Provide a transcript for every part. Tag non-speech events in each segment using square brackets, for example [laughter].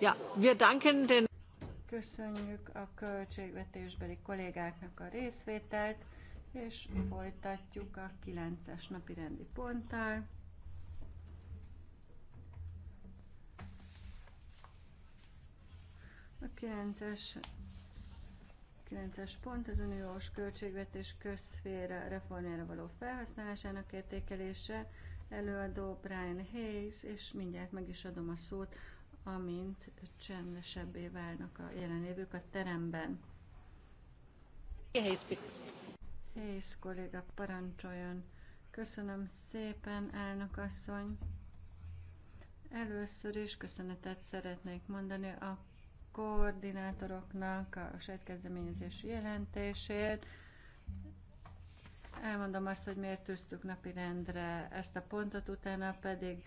Ja, wir danken den Köszönjük a költségvetésbeli kollégáknak a részvételt, és folytatjuk a 9-es napi rendi ponttal. A 9-es 9-es pont az uniós költségvetés közszféra reformjára való felhasználásának értékelése, előadó Brian Hayes, és mindjárt meg is adom a szót amint csendesebbé válnak a jelenlévők a teremben. Hész yes, kolléga, parancsoljon. Köszönöm szépen, elnök asszony. Először is köszönetet szeretnék mondani a koordinátoroknak a sejtkezdeményezés jelentését. Elmondom azt, hogy miért tűztük napirendre ezt a pontot, utána pedig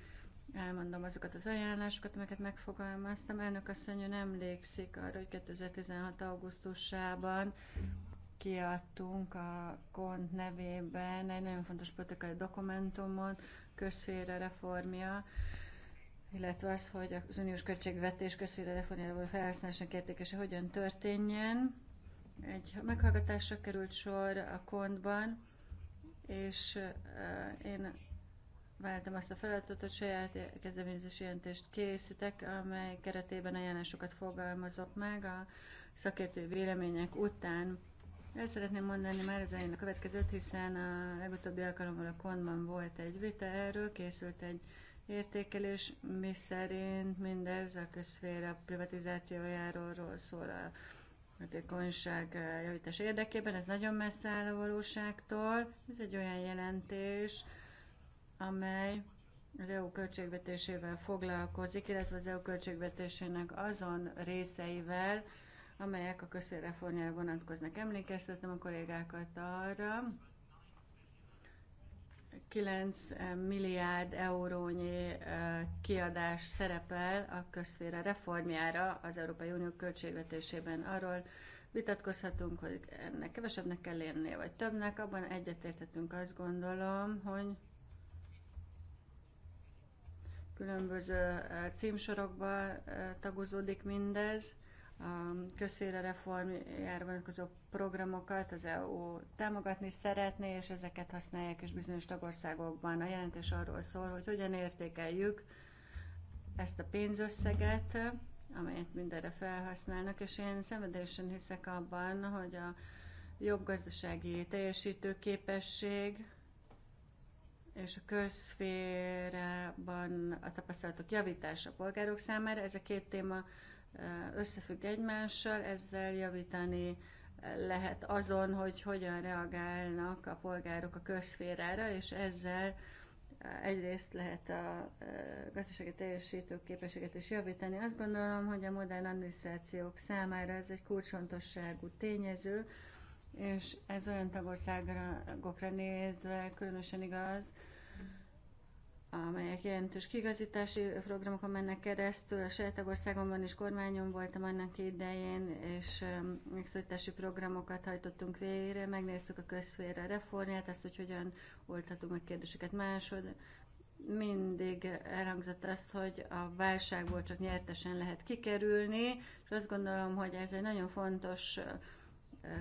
elmondom azokat az ajánlásokat, amiket megfogalmaztam. Elnök asszony ön emlékszik arra, hogy 2016. augusztusában kiadtunk a KONT nevében egy nagyon fontos politikai dokumentumot, közféle reformja, illetve az, hogy az uniós költségvetés közféra reformjából felhasználásnak értékese hogyan történjen. Egy meghallgatásra került sor a kontban, és én Váltam azt a feladatot, saját kezdeményezés jelentést készítek, amely keretében ajánlásokat fogalmazok meg a szakértői vélemények után. El szeretném mondani már az a következőt, hiszen a legutóbbi alkalommal a Konban volt egy vita erről, készült egy értékelés, mi szerint mindez a közféra privatizációjáról szól a hatékonyság eh, javítás érdekében. Ez nagyon messze áll a valóságtól. Ez egy olyan jelentés, amely az EU költségvetésével foglalkozik, illetve az EU költségvetésének azon részeivel, amelyek a közszéreformjára vonatkoznak. Emlékeztetem a kollégákat arra, 9 eh, milliárd eurónyi eh, kiadás szerepel a közszféra reformjára az Európai Unió költségvetésében. Arról vitatkozhatunk, hogy ennek kevesebbnek kell lennie, vagy többnek. Abban egyetértettünk azt gondolom, hogy különböző címsorokba tagozódik mindez, a közféle reformjára vonatkozó programokat az EU támogatni szeretné, és ezeket használják is bizonyos tagországokban. A jelentés arról szól, hogy hogyan értékeljük ezt a pénzösszeget, amelyet mindenre felhasználnak, és én szenvedésen hiszek abban, hogy a jobb gazdasági teljesítőképesség, és a közférában a tapasztalatok javítása a polgárok számára. Ez a két téma összefügg egymással, ezzel javítani lehet azon, hogy hogyan reagálnak a polgárok a közférára, és ezzel egyrészt lehet a gazdasági teljesítő képességet is javítani. Azt gondolom, hogy a modern adminisztrációk számára ez egy kulcsontosságú tényező, és ez olyan tagországokra nézve különösen igaz, amelyek jelentős kigazítási programokon mennek keresztül. A saját tagországomban is kormányom voltam annak idején, és megszorítási programokat hajtottunk végre, megnéztük a közféra reformját, azt, hogy hogyan oldhatunk meg kérdéseket másod. Mindig elhangzott azt, hogy a válságból csak nyertesen lehet kikerülni, és azt gondolom, hogy ez egy nagyon fontos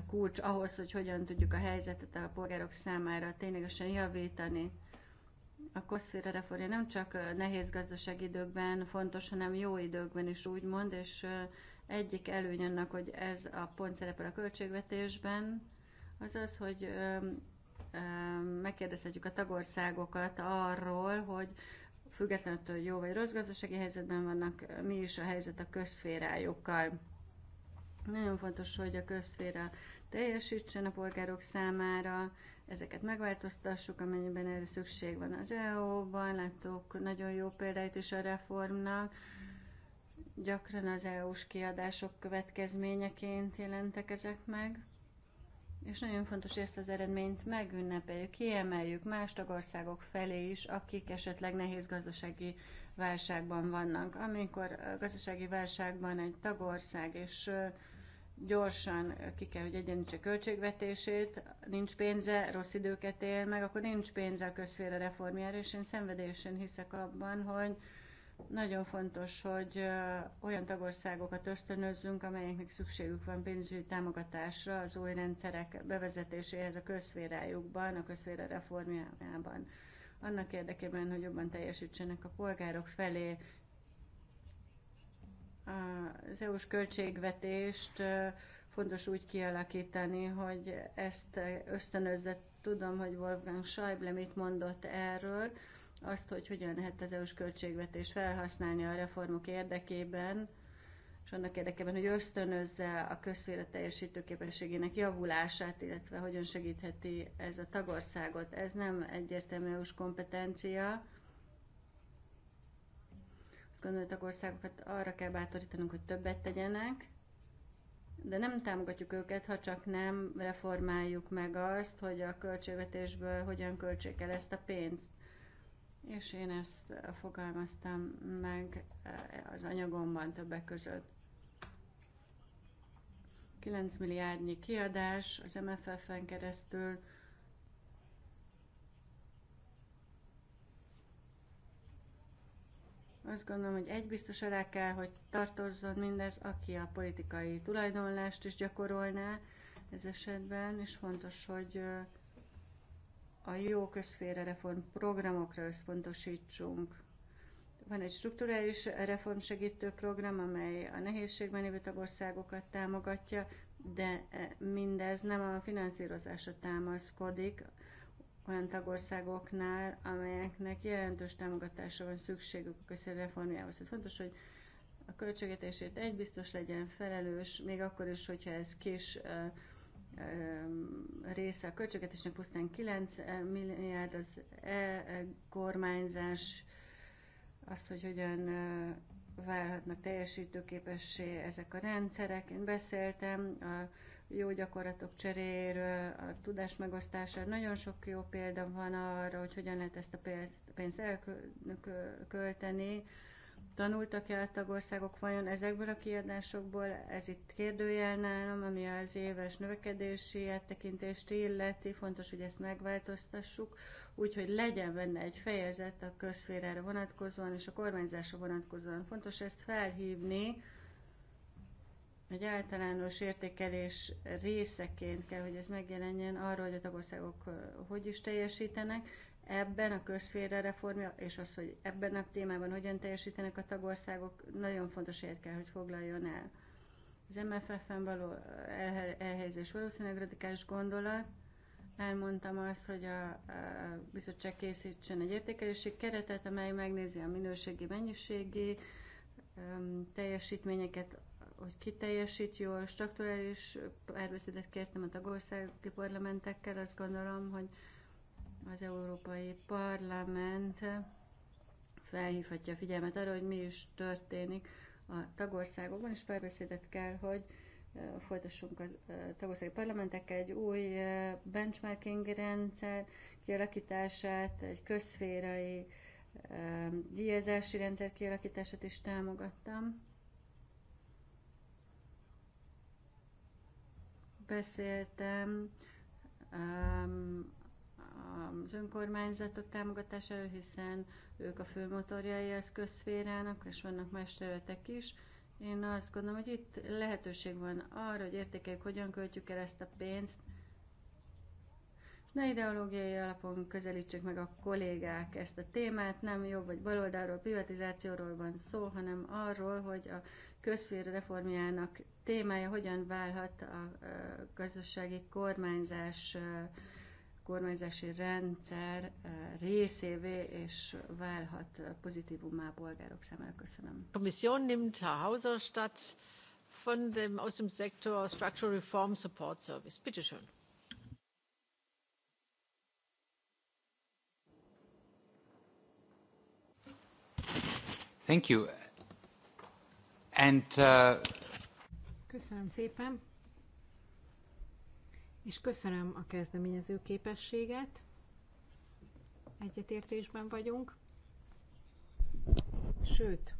kulcs ahhoz, hogy hogyan tudjuk a helyzetet a polgárok számára ténylegesen javítani. A koszféra reformja nem csak nehéz gazdasági időkben fontos, hanem jó időkben is úgymond, és egyik előny annak, hogy ez a pont szerepel a költségvetésben, az az, hogy megkérdezhetjük a tagországokat arról, hogy függetlenül, hogy jó vagy rossz gazdasági helyzetben vannak, mi is a helyzet a közférájukkal. Nagyon fontos, hogy a közszféra teljesítsen a polgárok számára, ezeket megváltoztassuk, amennyiben erre szükség van az EU-ban. Láttuk nagyon jó példáit is a reformnak. Gyakran az EU-s kiadások következményeként jelentek ezek meg. És nagyon fontos, hogy ezt az eredményt megünnepeljük, kiemeljük más tagországok felé is, akik esetleg nehéz gazdasági válságban vannak. Amikor gazdasági válságban egy tagország és gyorsan ki kell, hogy egyenlítse költségvetését, nincs pénze, rossz időket él meg, akkor nincs pénze a közféle reformjára, és én szenvedésen hiszek abban, hogy nagyon fontos, hogy olyan tagországokat ösztönözzünk, amelyeknek szükségük van pénzügyi támogatásra az új rendszerek bevezetéséhez a közférájukban, a közféle reformjában. Annak érdekében, hogy jobban teljesítsenek a polgárok felé, az EU-s költségvetést fontos úgy kialakítani, hogy ezt ösztönözze. Tudom, hogy Wolfgang Schäuble mit mondott erről, azt, hogy hogyan lehet az EU-s költségvetést felhasználni a reformok érdekében, és annak érdekében, hogy ösztönözze a közféle képességének javulását, illetve hogyan segítheti ez a tagországot. Ez nem egyértelmű EU-s kompetencia, gondoltak országokat arra kell bátorítanunk, hogy többet tegyenek, de nem támogatjuk őket, ha csak nem reformáljuk meg azt, hogy a költségvetésből hogyan költsék el ezt a pénzt. És én ezt eh, fogalmaztam meg eh, az anyagomban többek között. 9 milliárdnyi kiadás az MFF-en keresztül Azt gondolom, hogy egy biztos alá kell, hogy tartozzon mindez, aki a politikai tulajdonlást is gyakorolná ez esetben, és fontos, hogy a jó közféle reform programokra összpontosítsunk. Van egy strukturális reformsegítő program, amely a nehézségben lévő tagországokat támogatja, de e, mindez nem a finanszírozásra támaszkodik, olyan tagországoknál, amelyeknek jelentős támogatásra van szükségük a közszerreformjához. Tehát fontos, hogy a költségetését egy biztos legyen felelős, még akkor is, hogyha ez kis része a költségvetésnek pusztán 9 milliárd, az e, e kormányzás, azt, hogy hogyan válhatnak teljesítőképessé ezek a rendszerek. Én beszéltem a jó gyakorlatok cseréről, a tudás megosztására. Nagyon sok jó példa van arra, hogy hogyan lehet ezt a pénzt elkölteni. Tanultak-e a tagországok vajon ezekből a kiadásokból? Ez itt kérdőjel nálam, ami az éves növekedési áttekintést illeti. Fontos, hogy ezt megváltoztassuk, úgyhogy legyen benne egy fejezet a közférára vonatkozóan és a kormányzásra vonatkozóan. Fontos ezt felhívni, egy általános értékelés részeként kell, hogy ez megjelenjen arról, hogy a tagországok hogy is teljesítenek, ebben a közféra reformja, és az, hogy ebben a témában hogyan teljesítenek a tagországok, nagyon fontos helyet kell, hogy foglaljon el. Az MFF-en való elhelyezés valószínűleg radikális gondolat. Elmondtam azt, hogy a, bizottság készítsen egy értékelési keretet, amely megnézi a minőségi, mennyiségi teljesítményeket hogy ki teljesít jól, strukturális párbeszédet kértem a tagországi parlamentekkel, azt gondolom, hogy az Európai Parlament felhívhatja a figyelmet arra, hogy mi is történik a tagországokban, és párbeszédet kell, hogy folytassunk a tagországi parlamentekkel egy új benchmarking rendszer kialakítását, egy közférai díjazási rendszer kialakítását is támogattam beszéltem az önkormányzatok támogatásáról, hiszen ők a főmotorjai az közszférának, és vannak más területek is. Én azt gondolom, hogy itt lehetőség van arra, hogy értékeljük, hogyan költjük el ezt a pénzt, ne ideológiai alapon közelítsük meg a kollégák ezt a témát, nem jobb vagy baloldalról, privatizációról van szó, hanem arról, hogy a közfér reformjának témája hogyan válhat a gazdasági kormányzás kormányzási rendszer részévé, és válhat pozitívumá a polgárok számára. Köszönöm. A komisszió nimmt a Hauser statt von dem, aus dem Sektor Structural Reform Support Service. Bitte schön. Thank you. And, uh... Köszönöm szépen. És köszönöm a kezdeményező képességet. Egyetértésben vagyunk. Sőt,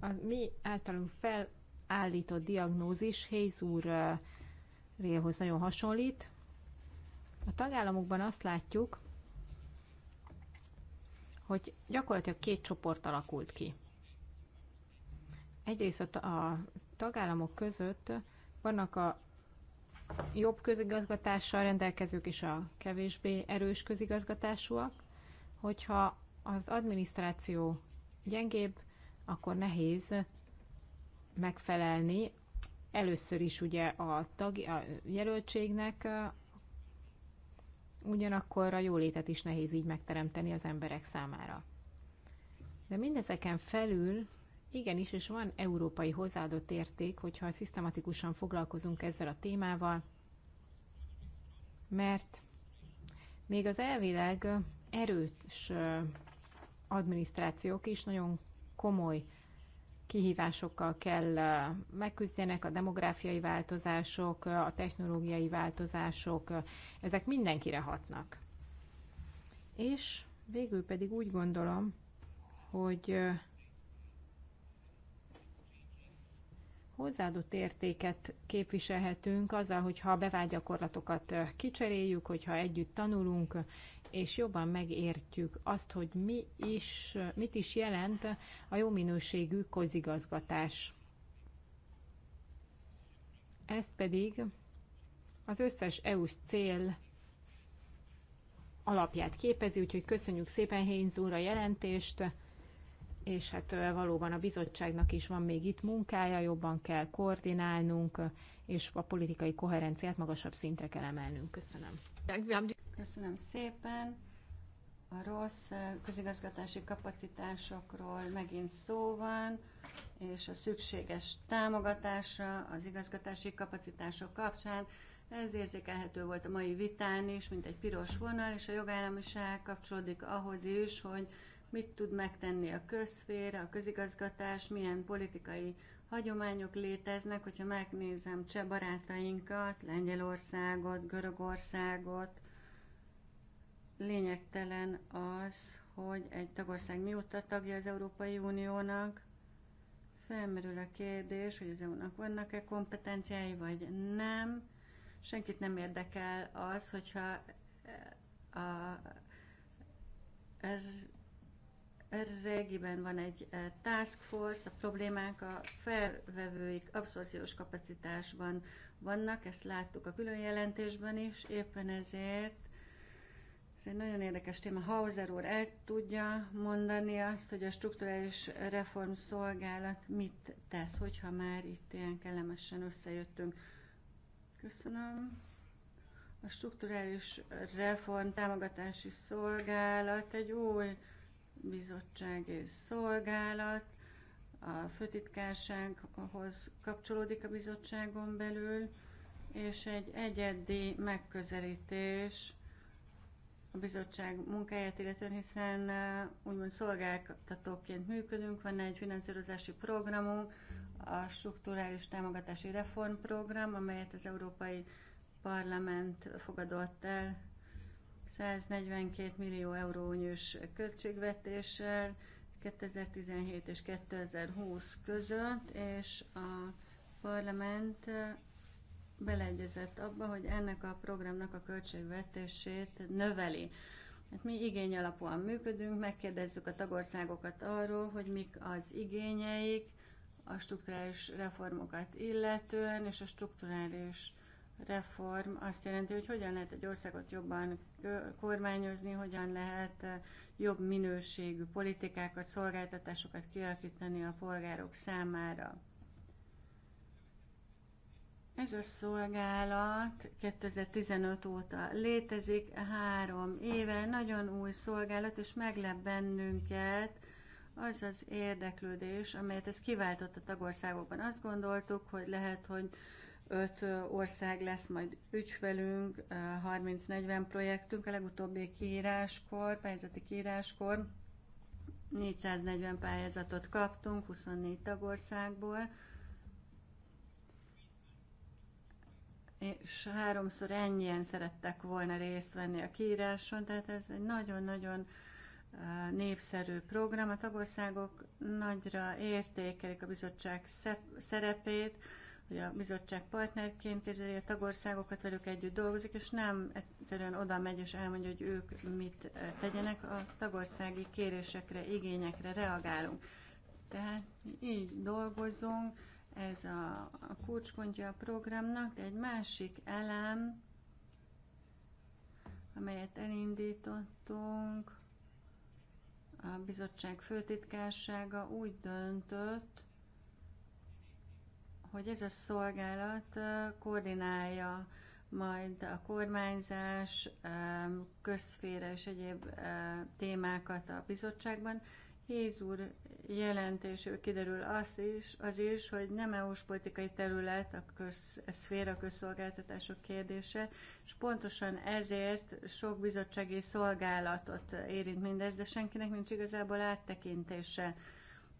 a mi általunk felállított diagnózis Hayes úr uh, nagyon hasonlít. A tagállamokban azt látjuk, hogy gyakorlatilag két csoport alakult ki. Egyrészt a tagállamok között vannak a jobb közigazgatással rendelkezők és a kevésbé erős közigazgatásúak, hogyha az adminisztráció gyengébb, akkor nehéz megfelelni először is ugye a, tag, a jelöltségnek, ugyanakkor a jólétet is nehéz így megteremteni az emberek számára. De mindezeken felül igenis, és van európai hozzáadott érték, hogyha szisztematikusan foglalkozunk ezzel a témával, mert még az elvileg erős adminisztrációk is nagyon komoly kihívásokkal kell megküzdjenek, a demográfiai változások, a technológiai változások, ezek mindenkire hatnak. És végül pedig úgy gondolom, hogy hozzáadott értéket képviselhetünk azzal, hogyha a bevált gyakorlatokat kicseréljük, hogyha együtt tanulunk, és jobban megértjük azt, hogy mi is, mit is jelent a jó minőségű közigazgatás. Ez pedig az összes EU-s cél alapját képezi, úgyhogy köszönjük szépen Heinz úr a jelentést, és hát valóban a bizottságnak is van még itt munkája, jobban kell koordinálnunk, és a politikai koherenciát magasabb szintre kell emelnünk. Köszönöm. Köszönöm szépen. A rossz eh, közigazgatási kapacitásokról megint szó van, és a szükséges támogatásra az igazgatási kapacitások kapcsán. Ez érzékelhető volt a mai vitán is, mint egy piros vonal, és a jogállamiság kapcsolódik ahhoz is, hogy mit tud megtenni a közféra, a közigazgatás, milyen politikai hagyományok léteznek, hogyha megnézem cseh barátainkat, Lengyelországot, Görögországot, lényegtelen az, hogy egy tagország mióta tagja az Európai Uniónak, felmerül a kérdés, hogy az EU-nak vannak-e kompetenciái, vagy nem. Senkit nem érdekel az, hogyha eh, a régiben van egy eh, task force, a problémák a felvevőik abszorciós kapacitásban vannak, ezt láttuk a külön jelentésben is, éppen ezért ez egy nagyon érdekes téma. Hauser úr el tudja mondani azt, hogy a strukturális reform szolgálat mit tesz, hogyha már itt ilyen kellemesen összejöttünk. Köszönöm. A strukturális reform támogatási szolgálat egy új bizottsági szolgálat, a főtitkársághoz kapcsolódik a bizottságon belül, és egy egyedi megközelítés a bizottság munkáját, illetve hiszen úgymond szolgáltatóként működünk, van egy finanszírozási programunk, a strukturális támogatási reformprogram, amelyet az Európai Parlament fogadott el 142 millió eurónyos költségvetéssel 2017 és 2020 között, és a parlament beleegyezett abba, hogy ennek a programnak a költségvetését növeli. Hát mi igény alapúan működünk, megkérdezzük a tagországokat arról, hogy mik az igényeik a strukturális reformokat illetően, és a strukturális reform azt jelenti, hogy hogyan lehet egy országot jobban kormányozni, hogyan lehet eh, jobb minőségű politikákat, szolgáltatásokat kialakítani a polgárok számára. Ez a szolgálat 2015 óta létezik, három éve, nagyon új szolgálat, és meglep bennünket az az érdeklődés, amelyet ez kiváltott a tagországokban. Azt gondoltuk, hogy lehet, hogy öt ország lesz majd ügyfelünk, 30-40 projektünk a legutóbbi kiíráskor, pályázati kiíráskor. 440 pályázatot kaptunk 24 tagországból és háromszor ennyien szerettek volna részt venni a kiíráson, tehát ez egy nagyon-nagyon népszerű program. A tagországok nagyra értékelik a bizottság szerepét, hogy a bizottság partnerként képzeli a tagországokat, velük együtt dolgozik, és nem egyszerűen oda megy és elmondja, hogy ők mit tegyenek, a tagországi kérésekre, igényekre reagálunk. Tehát így dolgozunk, ez a, a kulcspontja a programnak, de egy másik elem, amelyet elindítottunk, a bizottság főtitkársága úgy döntött, hogy ez a szolgálat koordinálja majd a kormányzás, közszféra és egyéb témákat a bizottságban, Héz úr jelentésül kiderül azt is, az is, hogy nem EU-s politikai terület a köz, a szféra közszolgáltatások kérdése, és pontosan ezért sok bizottsági szolgálatot érint mindez, de senkinek nincs igazából áttekintése.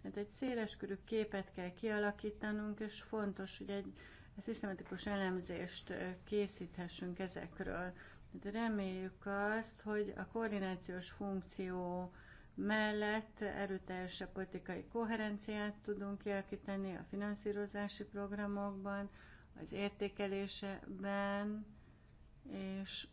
Tehát egy széleskörű képet kell kialakítanunk, és fontos, hogy egy szisztematikus elemzést készíthessünk ezekről. De hát reméljük azt, hogy a koordinációs funkció mellett erőteljesebb politikai koherenciát tudunk kialakítani a finanszírozási programokban, az értékelésben, és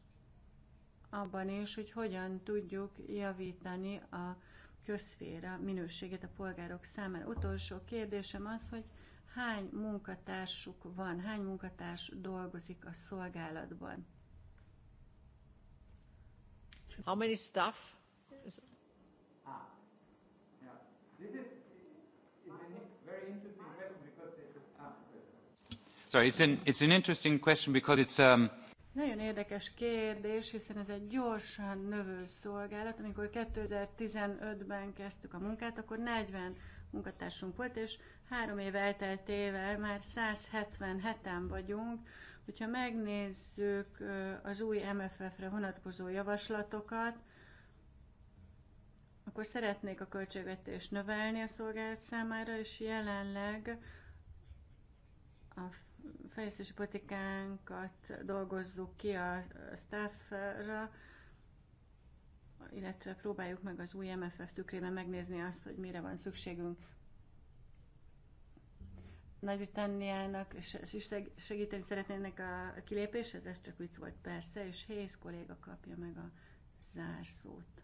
abban is, hogy hogyan tudjuk javítani a közszféra minőségét a polgárok számára. Utolsó kérdésem az, hogy hány munkatársuk van, hány munkatárs dolgozik a szolgálatban? How many staff? Ah, Sorry, it's an, it's an interesting question because it's um, nagyon érdekes kérdés, hiszen ez egy gyorsan növő szolgálat. Amikor 2015-ben kezdtük a munkát, akkor 40 munkatársunk volt, és három év elteltével már 177-en vagyunk. Hogyha megnézzük az új MFF-re vonatkozó javaslatokat, akkor szeretnék a költségvetés növelni a szolgálat számára, és jelenleg a fejlesztési politikánkat dolgozzuk ki a staffra, illetve próbáljuk meg az új MFF tükrében megnézni azt, hogy mire van szükségünk. Nagy-Britanniának is segíteni szeretnének a kilépéshez, ez csak vicc volt persze, és Hayes kolléga kapja meg a zárszót.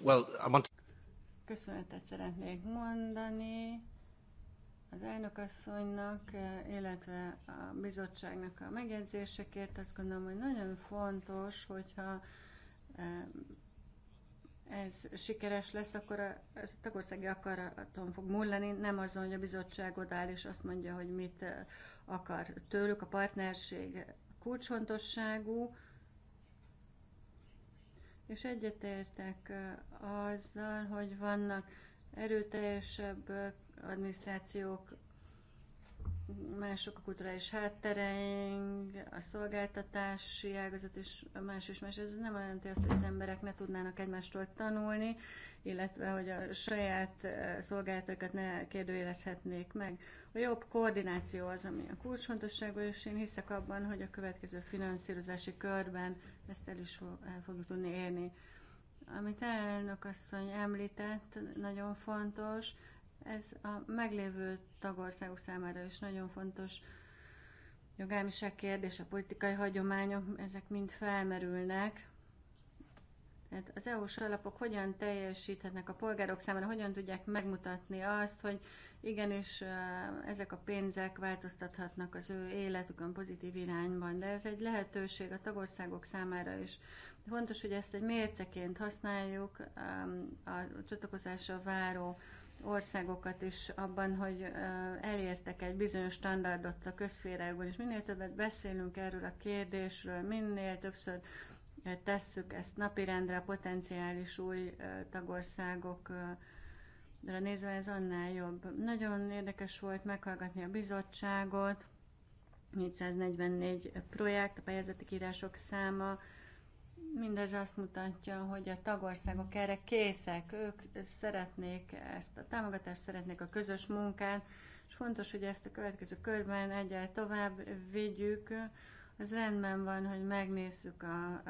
Well, I want Köszönetet szeretnék mondani az elnökasszonynak, illetve a bizottságnak a megjegyzésekért. Azt gondolom, hogy nagyon fontos, hogyha e, ez sikeres lesz, akkor a, ez a tagországi akaraton fog múlni, nem azon, hogy a bizottság odáll és azt mondja, hogy mit e, akar tőlük. A partnerség kulcsfontosságú, és egyetértek azzal, hogy vannak erőteljesebb adminisztrációk mások a kulturális háttereink, a szolgáltatási ágazat és más és más. Ez nem olyan azt, hogy az emberek ne tudnának egymástól tanulni, illetve hogy a saját eh, szolgáltatókat ne kérdőjelezhetnék meg. A jobb koordináció az, ami a kulcsfontosságú, és én hiszek abban, hogy a következő finanszírozási körben ezt el is el fogjuk tudni érni. Amit elnök asszony említett, nagyon fontos, ez a meglévő tagországok számára is nagyon fontos jogámiság kérdés, a politikai hagyományok, ezek mind felmerülnek. Tehát az EU-s alapok hogyan teljesíthetnek a polgárok számára, hogyan tudják megmutatni azt, hogy igenis ezek a pénzek változtathatnak az ő életükön pozitív irányban, de ez egy lehetőség a tagországok számára is. Fontos, hogy ezt egy mérceként használjuk a csatlakozásra váró országokat is abban, hogy elértek egy bizonyos standardot a közférájukban, és minél többet beszélünk erről a kérdésről, minél többször tesszük ezt napirendre a potenciális új tagországokra nézve, ez annál jobb. Nagyon érdekes volt meghallgatni a bizottságot, 444 projekt, a pályázati írások száma, Mindez azt mutatja, hogy a tagországok erre készek, ők szeretnék ezt a támogatást, szeretnék a közös munkát, és fontos, hogy ezt a következő körben egyel tovább vigyük. Az rendben van, hogy megnézzük a,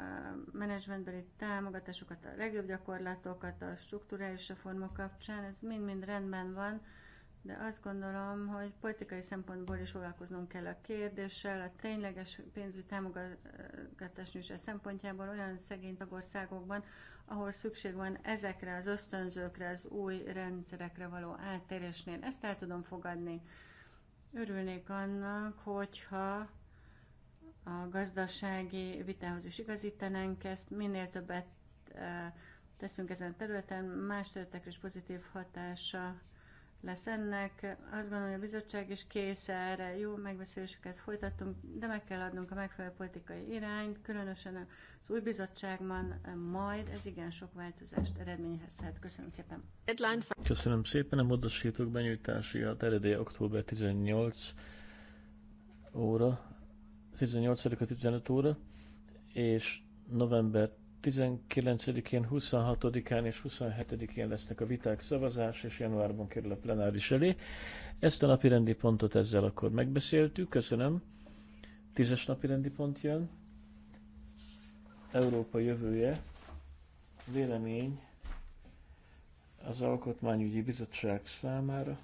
menedzsmentbeli támogatásokat, a legjobb gyakorlatokat, a struktúrális reformok kapcsán, ez mind-mind rendben van, de azt gondolom, hogy politikai szempontból is foglalkoznunk kell a kérdéssel, a tényleges pénzügyi támogatás nyújtása szempontjából olyan szegény tagországokban, ahol szükség van ezekre az ösztönzőkre, az új rendszerekre való áttérésnél. Ezt el tudom fogadni. Örülnék annak, hogyha a gazdasági vitához is igazítanánk ezt, minél többet eh, teszünk ezen a területen, más területekre is pozitív hatása lesz ennek. Azt gondolom, hogy a bizottság is kész erre. Jó megbeszéléseket folytattunk, de meg kell adnunk a megfelelő politikai irányt, különösen az új bizottságban majd ez igen sok változást eredményezhet. Köszönöm szépen. Köszönöm szépen a módosítók benyújtási a eredély október 18 óra, 18-a 15 óra, és november 19-én, 26-án és 27-én lesznek a viták szavazás, és januárban kerül a plenáris elé. Ezt a napi rendi pontot ezzel akkor megbeszéltük, köszönöm. Tízes napi rendi pont jön. Európa jövője. Vélemény az Alkotmányügyi Bizottság számára.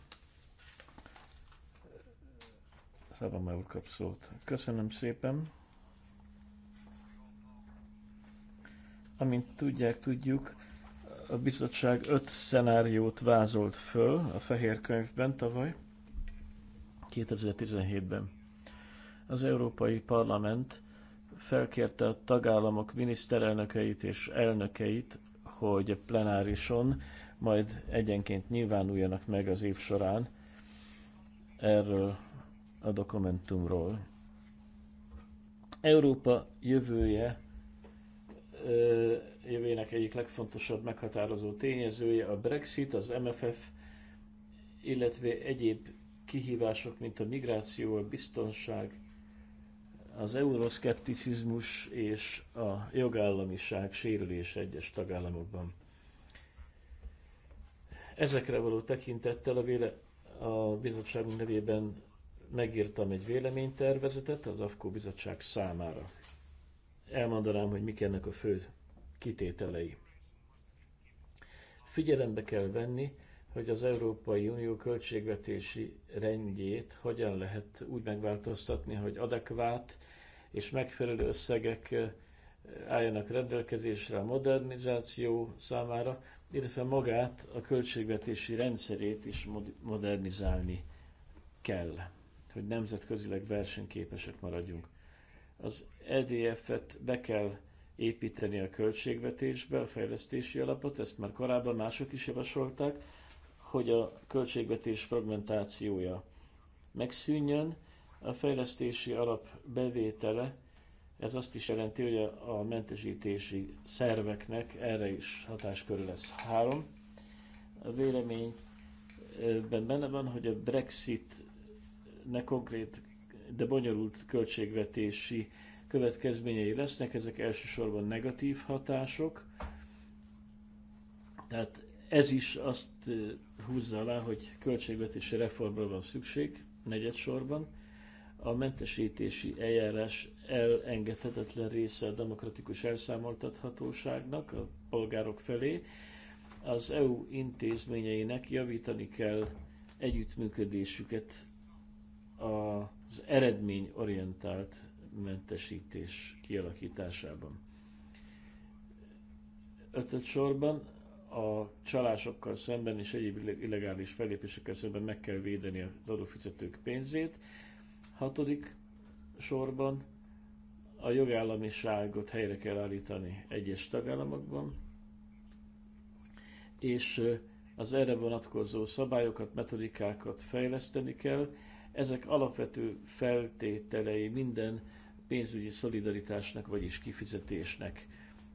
Szabam úr kap szót. Köszönöm szépen. Amint tudják, tudjuk, a bizottság öt szenáriót vázolt föl a fehér könyvben tavaly, 2017-ben. Az Európai Parlament felkérte a tagállamok miniszterelnökeit és elnökeit, hogy plenárison majd egyenként nyilvánuljanak meg az év során erről a dokumentumról. Európa jövője jövőjének egyik legfontosabb meghatározó tényezője a Brexit, az MFF, illetve egyéb kihívások, mint a migráció, a biztonság, az euroszkepticizmus és a jogállamiság sérülése egyes tagállamokban. Ezekre való tekintettel a, véle, a bizottságunk nevében megírtam egy véleménytervezetet az AFKO bizottság számára elmondanám, hogy mik ennek a fő kitételei. Figyelembe kell venni, hogy az Európai Unió költségvetési rendjét hogyan lehet úgy megváltoztatni, hogy adekvát és megfelelő összegek eh, álljanak rendelkezésre a modernizáció számára, illetve magát a költségvetési rendszerét is modernizálni kell, hogy nemzetközileg versenyképesek maradjunk az EDF-et be kell építeni a költségvetésbe, a fejlesztési alapot, ezt már korábban mások is javasolták, hogy a költségvetés fragmentációja megszűnjön, a fejlesztési alap bevétele, ez azt is jelenti, hogy a, a mentesítési szerveknek erre is hatáskörül lesz három. A véleményben benne van, hogy a Brexit ne konkrét de bonyolult költségvetési következményei lesznek, ezek elsősorban negatív hatások. Tehát ez is azt húzza alá, hogy költségvetési reformra van szükség, negyed sorban. A mentesítési eljárás elengedhetetlen része a demokratikus elszámoltathatóságnak a polgárok felé. Az EU intézményeinek javítani kell együttműködésüket az eredményorientált mentesítés kialakításában. Ötöd sorban a csalásokkal szemben és egyéb illegális fellépésekkel szemben meg kell védeni az adófizetők pénzét. Hatodik sorban a jogállamiságot helyre kell állítani egyes tagállamokban, és az erre vonatkozó szabályokat, metodikákat fejleszteni kell, ezek alapvető feltételei minden pénzügyi szolidaritásnak, vagyis kifizetésnek.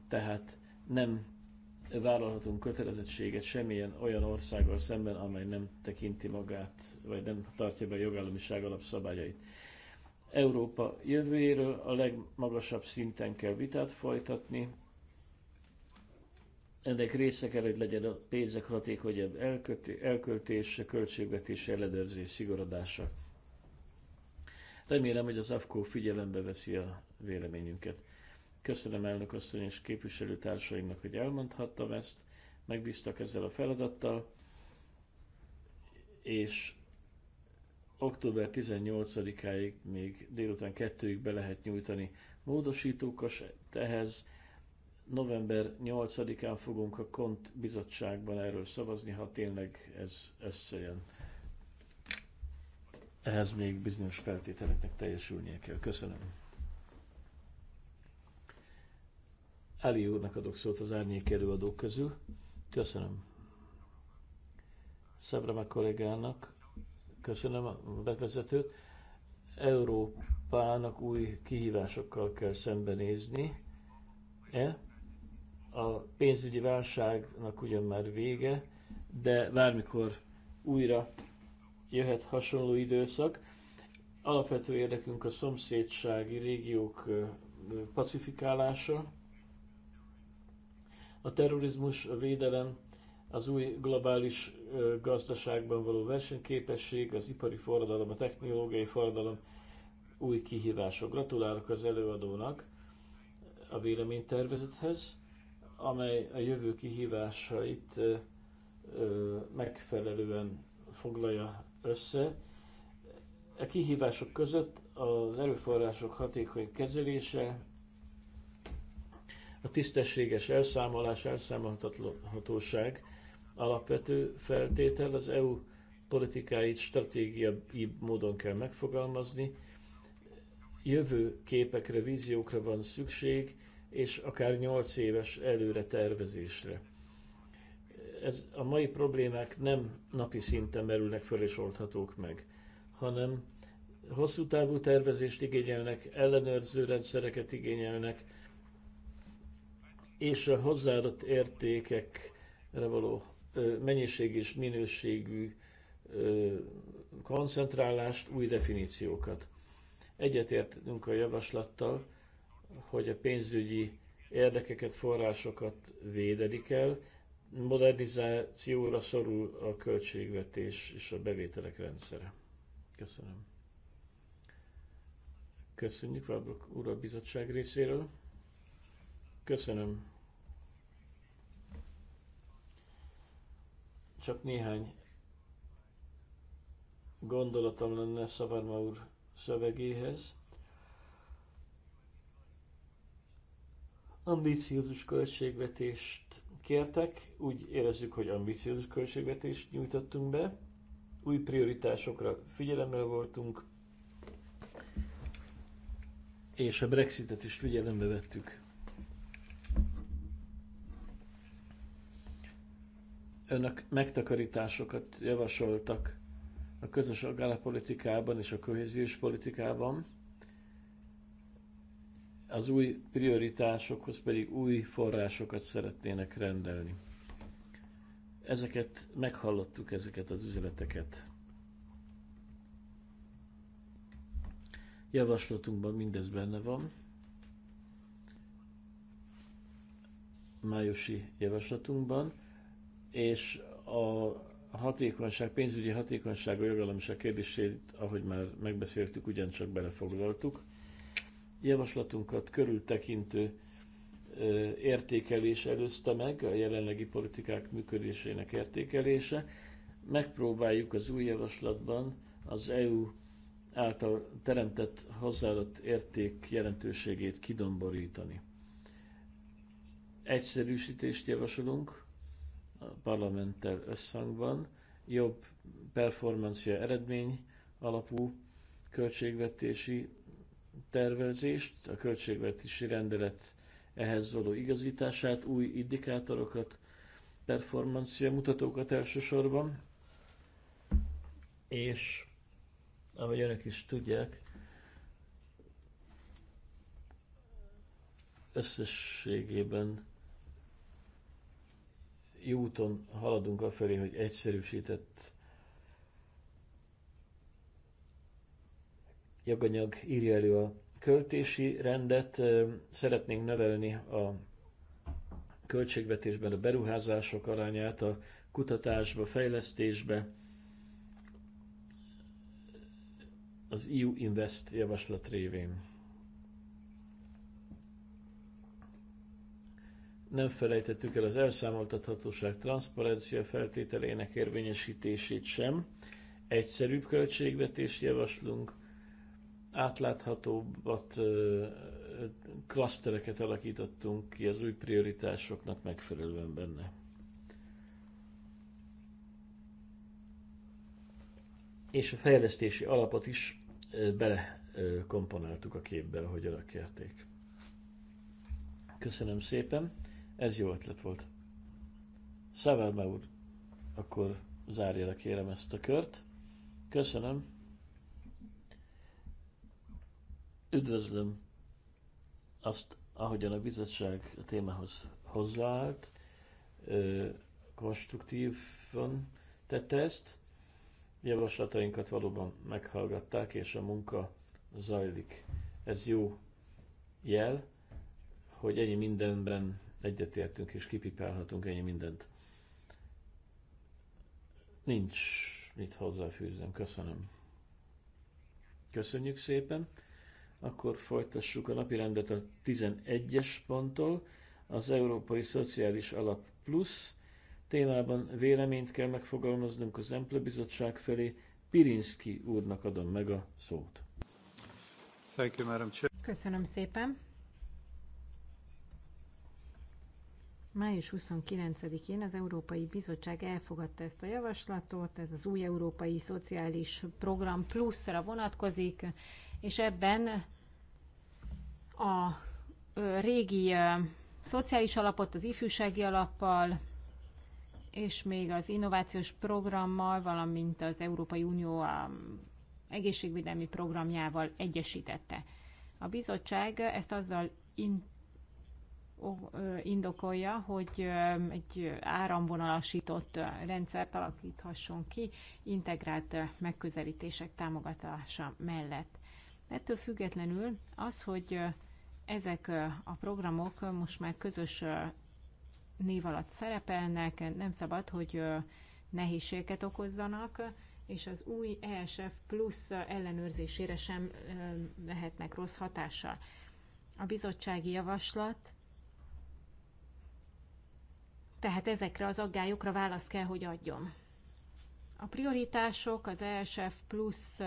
Tehát nem vállalhatunk kötelezettséget semmilyen olyan országgal szemben, amely nem tekinti magát, vagy nem tartja be a jogállamiság alapszabályait. Európa jövőjéről a legmagasabb szinten kell vitát folytatni. Ennek része kell, hogy legyen a pénzek hatékonyabb elköltése, költségvetés ellenőrzés szigorodása. Remélem, hogy az AFKO figyelembe veszi a véleményünket. Köszönöm elnök asszony és képviselőtársaimnak, hogy elmondhattam ezt, megbíztak ezzel a feladattal, és október 18-áig még délután kettőig be lehet nyújtani módosítókat ehhez. November 8-án fogunk a KONT bizottságban erről szavazni, ha tényleg ez összejön ehhez még bizonyos feltételeknek teljesülnie kell. Köszönöm. Eli úrnak adok szót az árnyék előadók közül. Köszönöm. Szabrama kollégának köszönöm a bevezetőt. Európának új kihívásokkal kell szembenézni. E? A pénzügyi válságnak ugyan már vége, de bármikor újra jöhet hasonló időszak. Alapvető érdekünk a szomszédsági régiók pacifikálása, a terrorizmus, a védelem, az új globális gazdaságban való versenyképesség, az ipari forradalom, a technológiai forradalom új kihívások. Gratulálok az előadónak a véleménytervezethez, amely a jövő kihívásait megfelelően foglalja össze. A e kihívások között az erőforrások hatékony kezelése, a tisztességes elszámolás, elszámolhatóság alapvető feltétel, az EU politikáit stratégiai módon kell megfogalmazni, jövő képekre, víziókra van szükség, és akár 8 éves előre tervezésre ez a mai problémák nem napi szinten merülnek föl és oldhatók meg, hanem hosszú távú tervezést igényelnek, ellenőrző rendszereket igényelnek, és a hozzáadott értékekre való mennyiség és minőségű koncentrálást, új definíciókat. Egyetértünk a javaslattal, hogy a pénzügyi érdekeket, forrásokat védeni kell, modernizációra szorul a költségvetés és a bevételek rendszere. Köszönöm. Köszönjük Fábrok úr a bizottság részéről. Köszönöm. Csak néhány gondolatom lenne Szavarma úr szövegéhez. Ambíciózus költségvetést kértek, úgy érezzük, hogy ambiciózus költségvetést nyújtottunk be, új prioritásokra figyelemmel voltunk, és a Brexitet is figyelembe vettük. Önök megtakarításokat javasoltak a közös agrárpolitikában és a kohéziós politikában az új prioritásokhoz pedig új forrásokat szeretnének rendelni. Ezeket meghallottuk, ezeket az üzleteket. Javaslatunkban mindez benne van. Májusi javaslatunkban, és a hatékonyság, pénzügyi hatékonyság, a jogállamiság kérdését, ahogy már megbeszéltük, ugyancsak belefoglaltuk javaslatunkat körültekintő értékelés előzte meg, a jelenlegi politikák működésének értékelése. Megpróbáljuk az új javaslatban az EU által teremtett hozzáadott érték jelentőségét kidomborítani. Egyszerűsítést javasolunk a parlamenttel összhangban, jobb performancia eredmény alapú költségvetési tervezést, a költségvetési rendelet ehhez való igazítását, új indikátorokat, performancia mutatókat elsősorban, és ahogy önök is tudják, összességében jó úton haladunk afelé, hogy egyszerűsített joganyag írja elő a költési rendet, szeretnénk növelni a költségvetésben a beruházások arányát a kutatásba, fejlesztésbe, az EU Invest javaslat révén. Nem felejtettük el az elszámoltathatóság transzparencia feltételének érvényesítését sem. Egyszerűbb költségvetést javaslunk, átláthatóbbat, klasztereket alakítottunk ki az új prioritásoknak megfelelően benne. És a fejlesztési alapot is bele komponáltuk a képbe, ahogy alakérték. Köszönöm szépen, ez jó ötlet volt. Szaverma úr, akkor zárja le kérem ezt a kört. Köszönöm. Üdvözlöm azt, ahogyan a bizottság a témához hozzáállt, konstruktívan tette ezt, javaslatainkat valóban meghallgatták, és a munka zajlik. Ez jó jel, hogy ennyi mindenben egyetértünk és kipipálhatunk ennyi mindent. Nincs mit hozzáfűzöm. Köszönöm. Köszönjük szépen. Akkor folytassuk a napirendet a 11-es ponttól, az Európai Szociális Alap Plusz témában véleményt kell megfogalmaznunk az Emple Bizottság felé. Pirinski úrnak adom meg a szót. Thank you, Madam Chair. Köszönöm szépen. Május 29-én az Európai Bizottság elfogadta ezt a javaslatot, ez az új Európai Szociális Program pluszra vonatkozik, és ebben a régi szociális alapot az ifjúsági alappal, és még az innovációs programmal, valamint az Európai Unió a egészségvédelmi programjával egyesítette. A bizottság ezt azzal in, indokolja, hogy egy áramvonalasított rendszert alakíthasson ki integrált megközelítések támogatása mellett. Ettől függetlenül az, hogy ezek a programok most már közös név alatt szerepelnek, nem szabad, hogy nehézségeket okozzanak, és az új ESF plusz ellenőrzésére sem lehetnek rossz hatással. A bizottsági javaslat tehát ezekre az aggályokra választ kell, hogy adjon. A prioritások az ESF plusz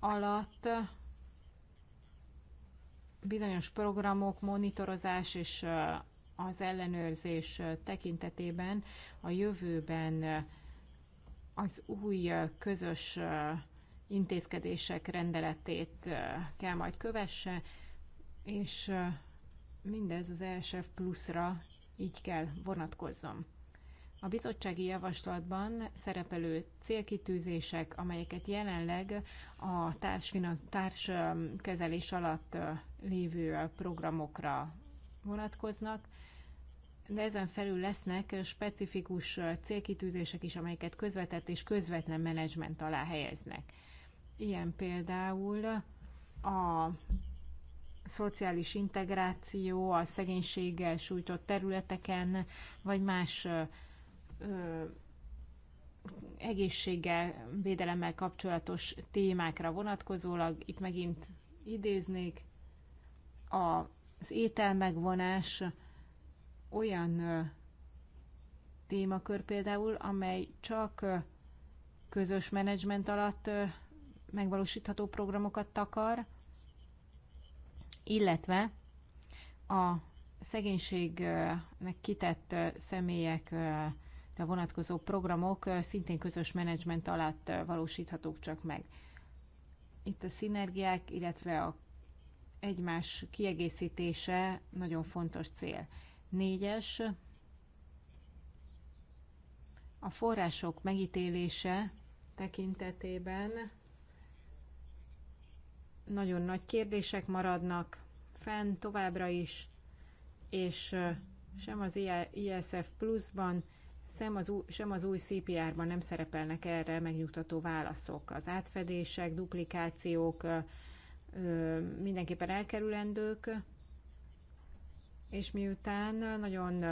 alatt bizonyos programok, monitorozás és az ellenőrzés tekintetében a jövőben az új közös intézkedések rendeletét kell majd kövesse, és mindez az ESF pluszra így kell vonatkozzon. A bizottsági javaslatban szerepelő célkitűzések, amelyeket jelenleg a társkezelés um, alatt uh, lévő uh, programokra vonatkoznak, de ezen felül lesznek uh, specifikus célkitűzések is, amelyeket közvetett és közvetlen menedzsment alá helyeznek. Ilyen például a szociális integráció a szegénységgel sújtott területeken, vagy más egészséggel, védelemmel kapcsolatos témákra vonatkozólag, itt megint idéznék, az ételmegvonás olyan témakör például, amely csak közös menedzsment alatt megvalósítható programokat takar, illetve a szegénységnek kitett személyek vonatkozó programok szintén közös menedzsment alatt valósíthatók csak meg. Itt a szinergiák, illetve a egymás kiegészítése nagyon fontos cél. Négyes, a források megítélése tekintetében nagyon nagy kérdések maradnak fenn továbbra is, és sem az ISF pluszban, sem az, új, sem az új CPR-ban nem szerepelnek erre megnyugtató válaszok. Az átfedések, duplikációk mindenképpen elkerülendők, és miután nagyon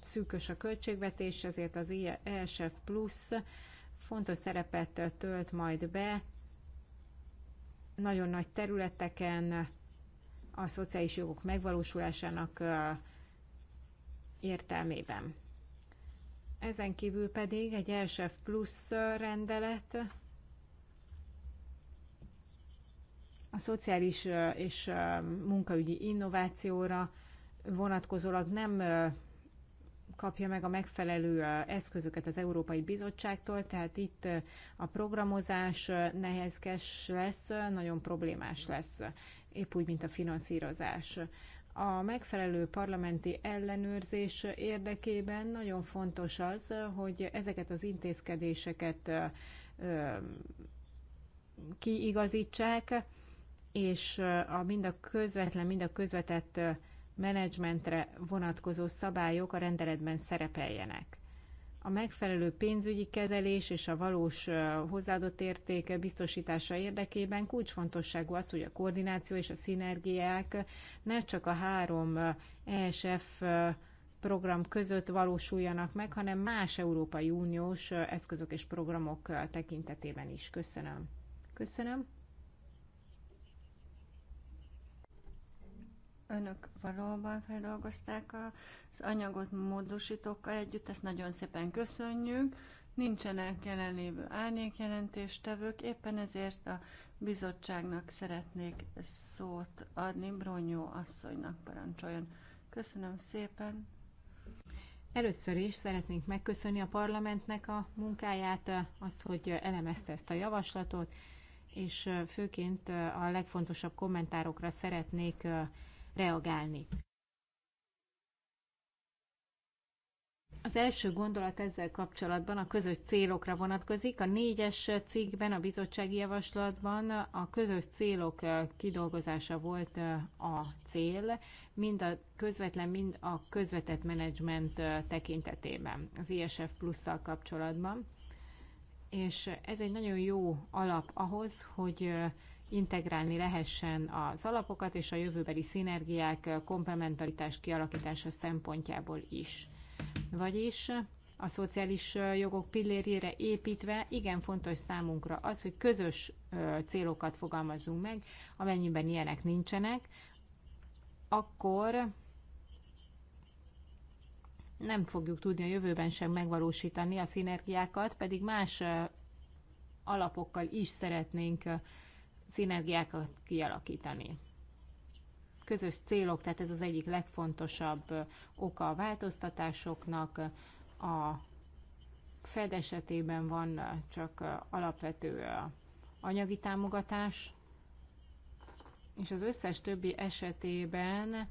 szűkös a költségvetés, ezért az ESF Plus fontos szerepet tölt majd be nagyon nagy területeken a szociális jogok megvalósulásának értelmében. Ezen kívül pedig egy ELSEF plusz rendelet a szociális és munkaügyi innovációra vonatkozólag nem kapja meg a megfelelő eszközöket az Európai Bizottságtól, tehát itt a programozás nehézkes lesz, nagyon problémás lesz, épp úgy, mint a finanszírozás a megfelelő parlamenti ellenőrzés érdekében nagyon fontos az, hogy ezeket az intézkedéseket kiigazítsák, és a mind a közvetlen, mind a közvetett menedzsmentre vonatkozó szabályok a rendeletben szerepeljenek a megfelelő pénzügyi kezelés és a valós hozzáadott érték biztosítása érdekében kulcsfontosságú az, hogy a koordináció és a szinergiák ne csak a három ESF program között valósuljanak meg, hanem más Európai Uniós eszközök és programok tekintetében is. Köszönöm. Köszönöm. önök valóban feldolgozták az anyagot módosítókkal együtt, ezt nagyon szépen köszönjük. Nincsenek jelenlévő árnyékjelentéstevők, éppen ezért a bizottságnak szeretnék szót adni. Bronyó asszonynak parancsoljon. Köszönöm szépen. Először is szeretnénk megköszönni a parlamentnek a munkáját, azt, hogy elemezte ezt a javaslatot, és főként a legfontosabb kommentárokra szeretnék reagálni. Az első gondolat ezzel kapcsolatban a közös célokra vonatkozik. A négyes cikkben, a bizottsági javaslatban a közös célok eh, kidolgozása volt eh, a cél, mind a közvetlen, mind a közvetett menedzsment eh, tekintetében, az ISF plusszal kapcsolatban. És ez egy nagyon jó alap ahhoz, hogy integrálni lehessen az alapokat és a jövőbeli szinergiák komplementaritás kialakítása szempontjából is. Vagyis a szociális jogok pillérjére építve igen fontos számunkra az, hogy közös célokat fogalmazzunk meg, amennyiben ilyenek nincsenek, akkor nem fogjuk tudni a jövőben sem megvalósítani a szinergiákat, pedig más alapokkal is szeretnénk szinergiákat kialakítani. Közös célok, tehát ez az egyik legfontosabb oka a változtatásoknak. A Fed esetében van csak alapvető anyagi támogatás, és az összes többi esetében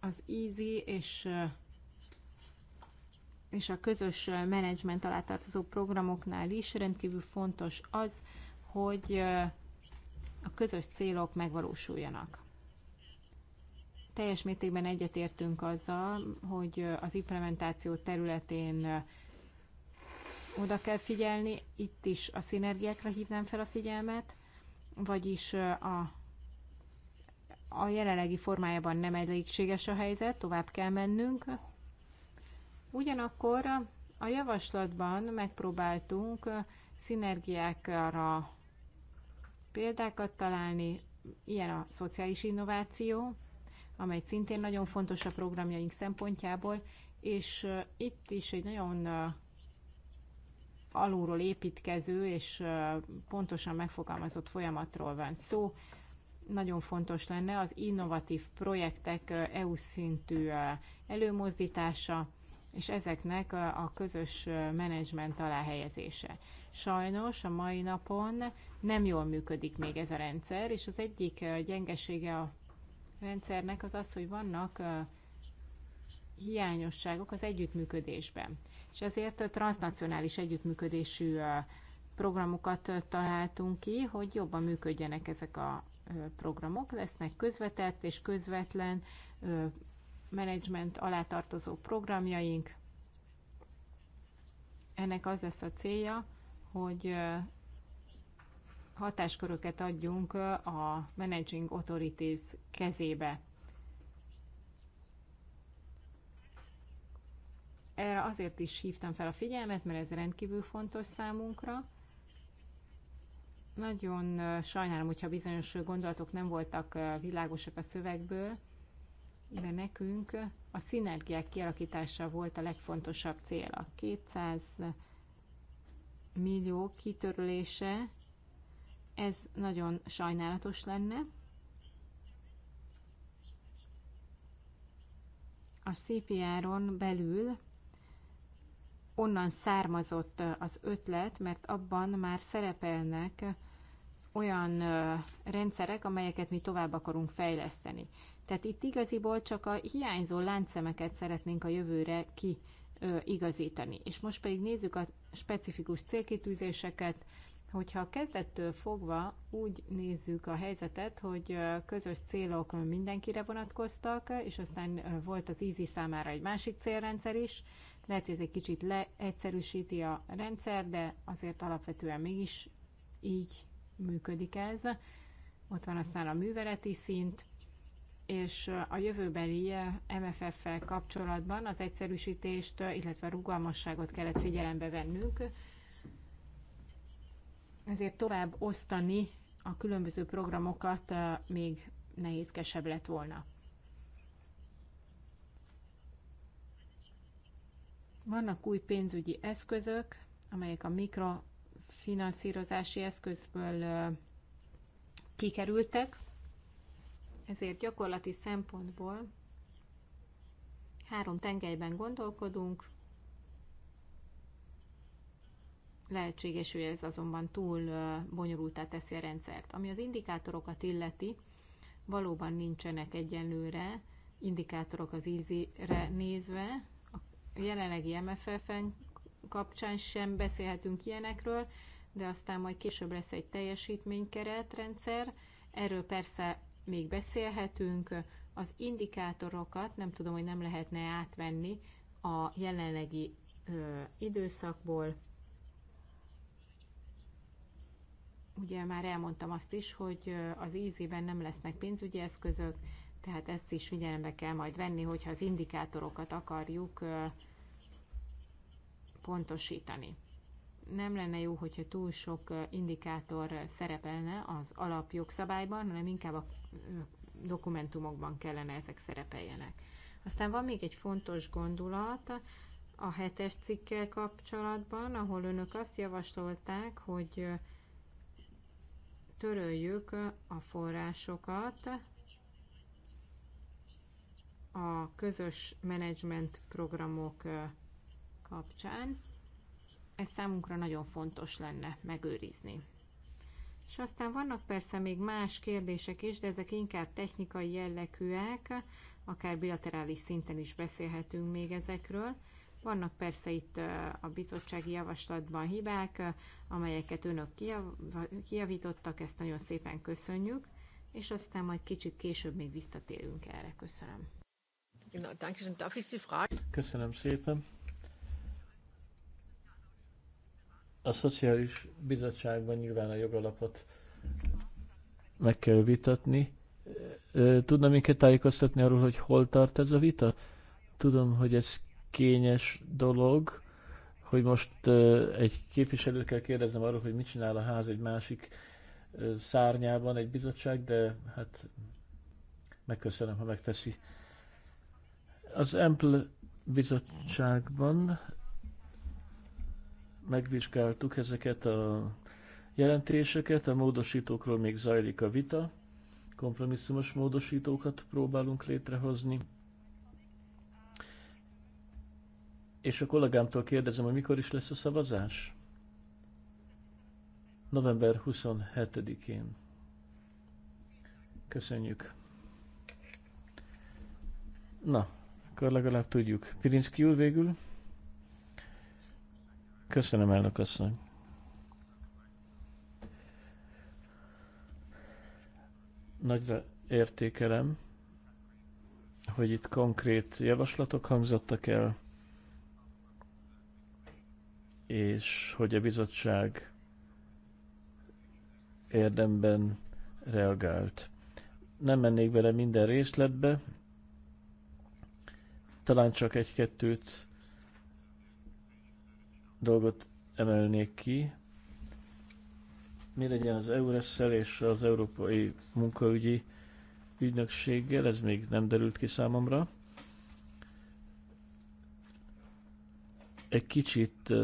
az easy és és a közös menedzsment alá tartozó programoknál is rendkívül fontos az, hogy a közös célok megvalósuljanak. Teljes mértékben egyetértünk azzal, hogy az implementáció területén oda kell figyelni, itt is a szinergiákra hívnám fel a figyelmet, vagyis a, a jelenlegi formájában nem elégséges a helyzet, tovább kell mennünk, Ugyanakkor a javaslatban megpróbáltunk szinergiákra példákat találni, ilyen a szociális innováció, amely szintén nagyon fontos a programjaink szempontjából, és itt is egy nagyon alulról építkező és pontosan megfogalmazott folyamatról van szó. Nagyon fontos lenne az innovatív projektek EU szintű előmozdítása, és ezeknek a közös menedzsment alá helyezése. Sajnos a mai napon nem jól működik még ez a rendszer, és az egyik gyengesége a rendszernek az az, hogy vannak hiányosságok az együttműködésben. És ezért a transnacionális együttműködésű programokat találtunk ki, hogy jobban működjenek ezek a programok. Lesznek közvetett és közvetlen Management alá tartozó programjaink. Ennek az lesz a célja, hogy hatásköröket adjunk a Managing Authorities kezébe. Erre azért is hívtam fel a figyelmet, mert ez rendkívül fontos számunkra. Nagyon sajnálom, hogyha bizonyos gondolatok nem voltak világosak a szövegből, de nekünk a szinergiák kialakítása volt a legfontosabb cél. A 200 millió kitörlése. ez nagyon sajnálatos lenne. A CPR-on belül onnan származott az ötlet, mert abban már szerepelnek olyan rendszerek, amelyeket mi tovább akarunk fejleszteni. Tehát itt igaziból csak a hiányzó láncszemeket szeretnénk a jövőre kiigazítani. És most pedig nézzük a specifikus célkitűzéseket, hogyha a kezdettől fogva úgy nézzük a helyzetet, hogy közös célok mindenkire vonatkoztak, és aztán volt az Easy számára egy másik célrendszer is, lehet, hogy ez egy kicsit leegyszerűsíti a rendszer, de azért alapvetően mégis így működik ez. Ott van aztán a műveleti szint, és a jövőbeli MFF-fel kapcsolatban az egyszerűsítést, illetve a rugalmasságot kellett figyelembe vennünk. Ezért tovább osztani a különböző programokat még nehézkesebb lett volna. Vannak új pénzügyi eszközök, amelyek a mikrofinanszírozási eszközből kikerültek, ezért gyakorlati szempontból három tengelyben gondolkodunk, lehetséges, hogy ez azonban túl bonyolultá teszi a rendszert. Ami az indikátorokat illeti, valóban nincsenek egyenlőre indikátorok az ízire nézve. A jelenlegi MFF-en kapcsán sem beszélhetünk ilyenekről, de aztán majd később lesz egy teljesítménykeretrendszer. Erről persze még beszélhetünk. Az indikátorokat nem tudom, hogy nem lehetne átvenni a jelenlegi ö, időszakból. Ugye már elmondtam azt is, hogy az ízében nem lesznek pénzügyi eszközök, tehát ezt is figyelembe kell majd venni, hogyha az indikátorokat akarjuk ö, pontosítani nem lenne jó, hogyha túl sok indikátor szerepelne az alapjogszabályban, hanem inkább a dokumentumokban kellene ezek szerepeljenek. Aztán van még egy fontos gondolat a hetes cikkel kapcsolatban, ahol önök azt javasolták, hogy töröljük a forrásokat a közös menedzsment programok kapcsán ez számunkra nagyon fontos lenne megőrizni. És aztán vannak persze még más kérdések is, de ezek inkább technikai jellegűek, akár bilaterális szinten is beszélhetünk még ezekről. Vannak persze itt a bizottsági javaslatban hibák, amelyeket önök kijavítottak, ezt nagyon szépen köszönjük, és aztán majd kicsit később még visszatérünk erre. Köszönöm. Köszönöm szépen. A Szociális Bizottságban nyilván a jogalapot meg kell vitatni. Tudna minket tájékoztatni arról, hogy hol tart ez a vita? Tudom, hogy ez kényes dolog, hogy most egy képviselőt kell kérdeznem arról, hogy mit csinál a ház egy másik szárnyában egy bizottság, de hát megköszönöm, ha megteszi. Az Ample bizottságban megvizsgáltuk ezeket a jelentéseket, a módosítókról még zajlik a vita, kompromisszumos módosítókat próbálunk létrehozni. És a kollégámtól kérdezem, hogy mikor is lesz a szavazás? November 27-én. Köszönjük. Na, akkor legalább tudjuk. Pirinszki úr végül. Köszönöm, elnök asszony. Nagyra értékelem, hogy itt konkrét javaslatok hangzottak el, és hogy a bizottság érdemben reagált. Nem mennék bele minden részletbe, talán csak egy-kettőt dolgot emelnék ki. Mi legyen az eures és az Európai Munkaügyi Ügynökséggel, ez még nem derült ki számomra. Egy kicsit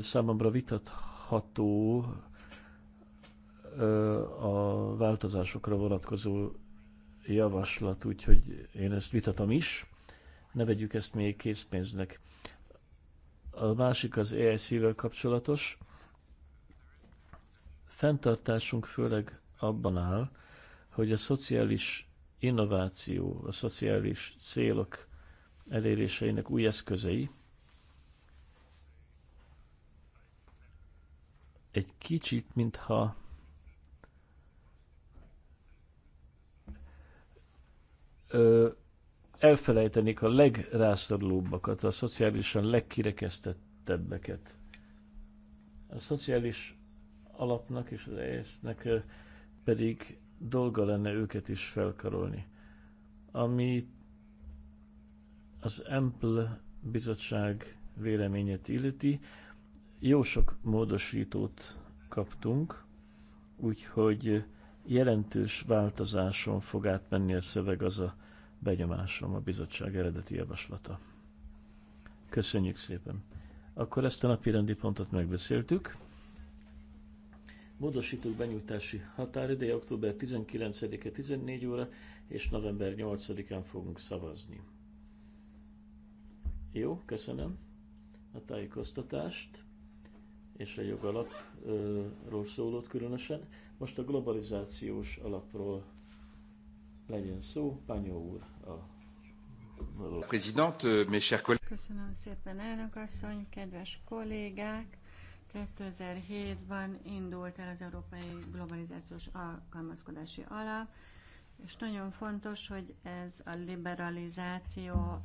számomra vitatható a változásokra vonatkozó javaslat, úgyhogy én ezt vitatom is. Ne vegyük ezt még készpénznek a másik az ai vel kapcsolatos. Fentartásunk főleg abban áll, hogy a szociális innováció, a szociális célok eléréseinek új eszközei egy kicsit, mintha ö, elfelejtenék a legrászorulóbbakat, a szociálisan legkirekesztettebbeket. A szociális alapnak és az ESZ-nek pedig dolga lenne őket is felkarolni. Ami az EMPL bizottság véleményét illeti, jó sok módosítót kaptunk, úgyhogy jelentős változáson fog átmenni a szöveg az a benyomásom a bizottság eredeti javaslata. Köszönjük szépen! Akkor ezt a napi rendi pontot megbeszéltük. Módosítók benyújtási határideje október 19-e 14 óra, és november 8-án fogunk szavazni. Jó, köszönöm a tájékoztatást és a jogalapról szólót különösen. Most a globalizációs alapról legyen szó. Panyó úr a Köszönöm szépen, elnök asszony, kedves kollégák! 2007-ben indult el az Európai Globalizációs Alkalmazkodási Alap, és nagyon fontos, hogy ez a liberalizáció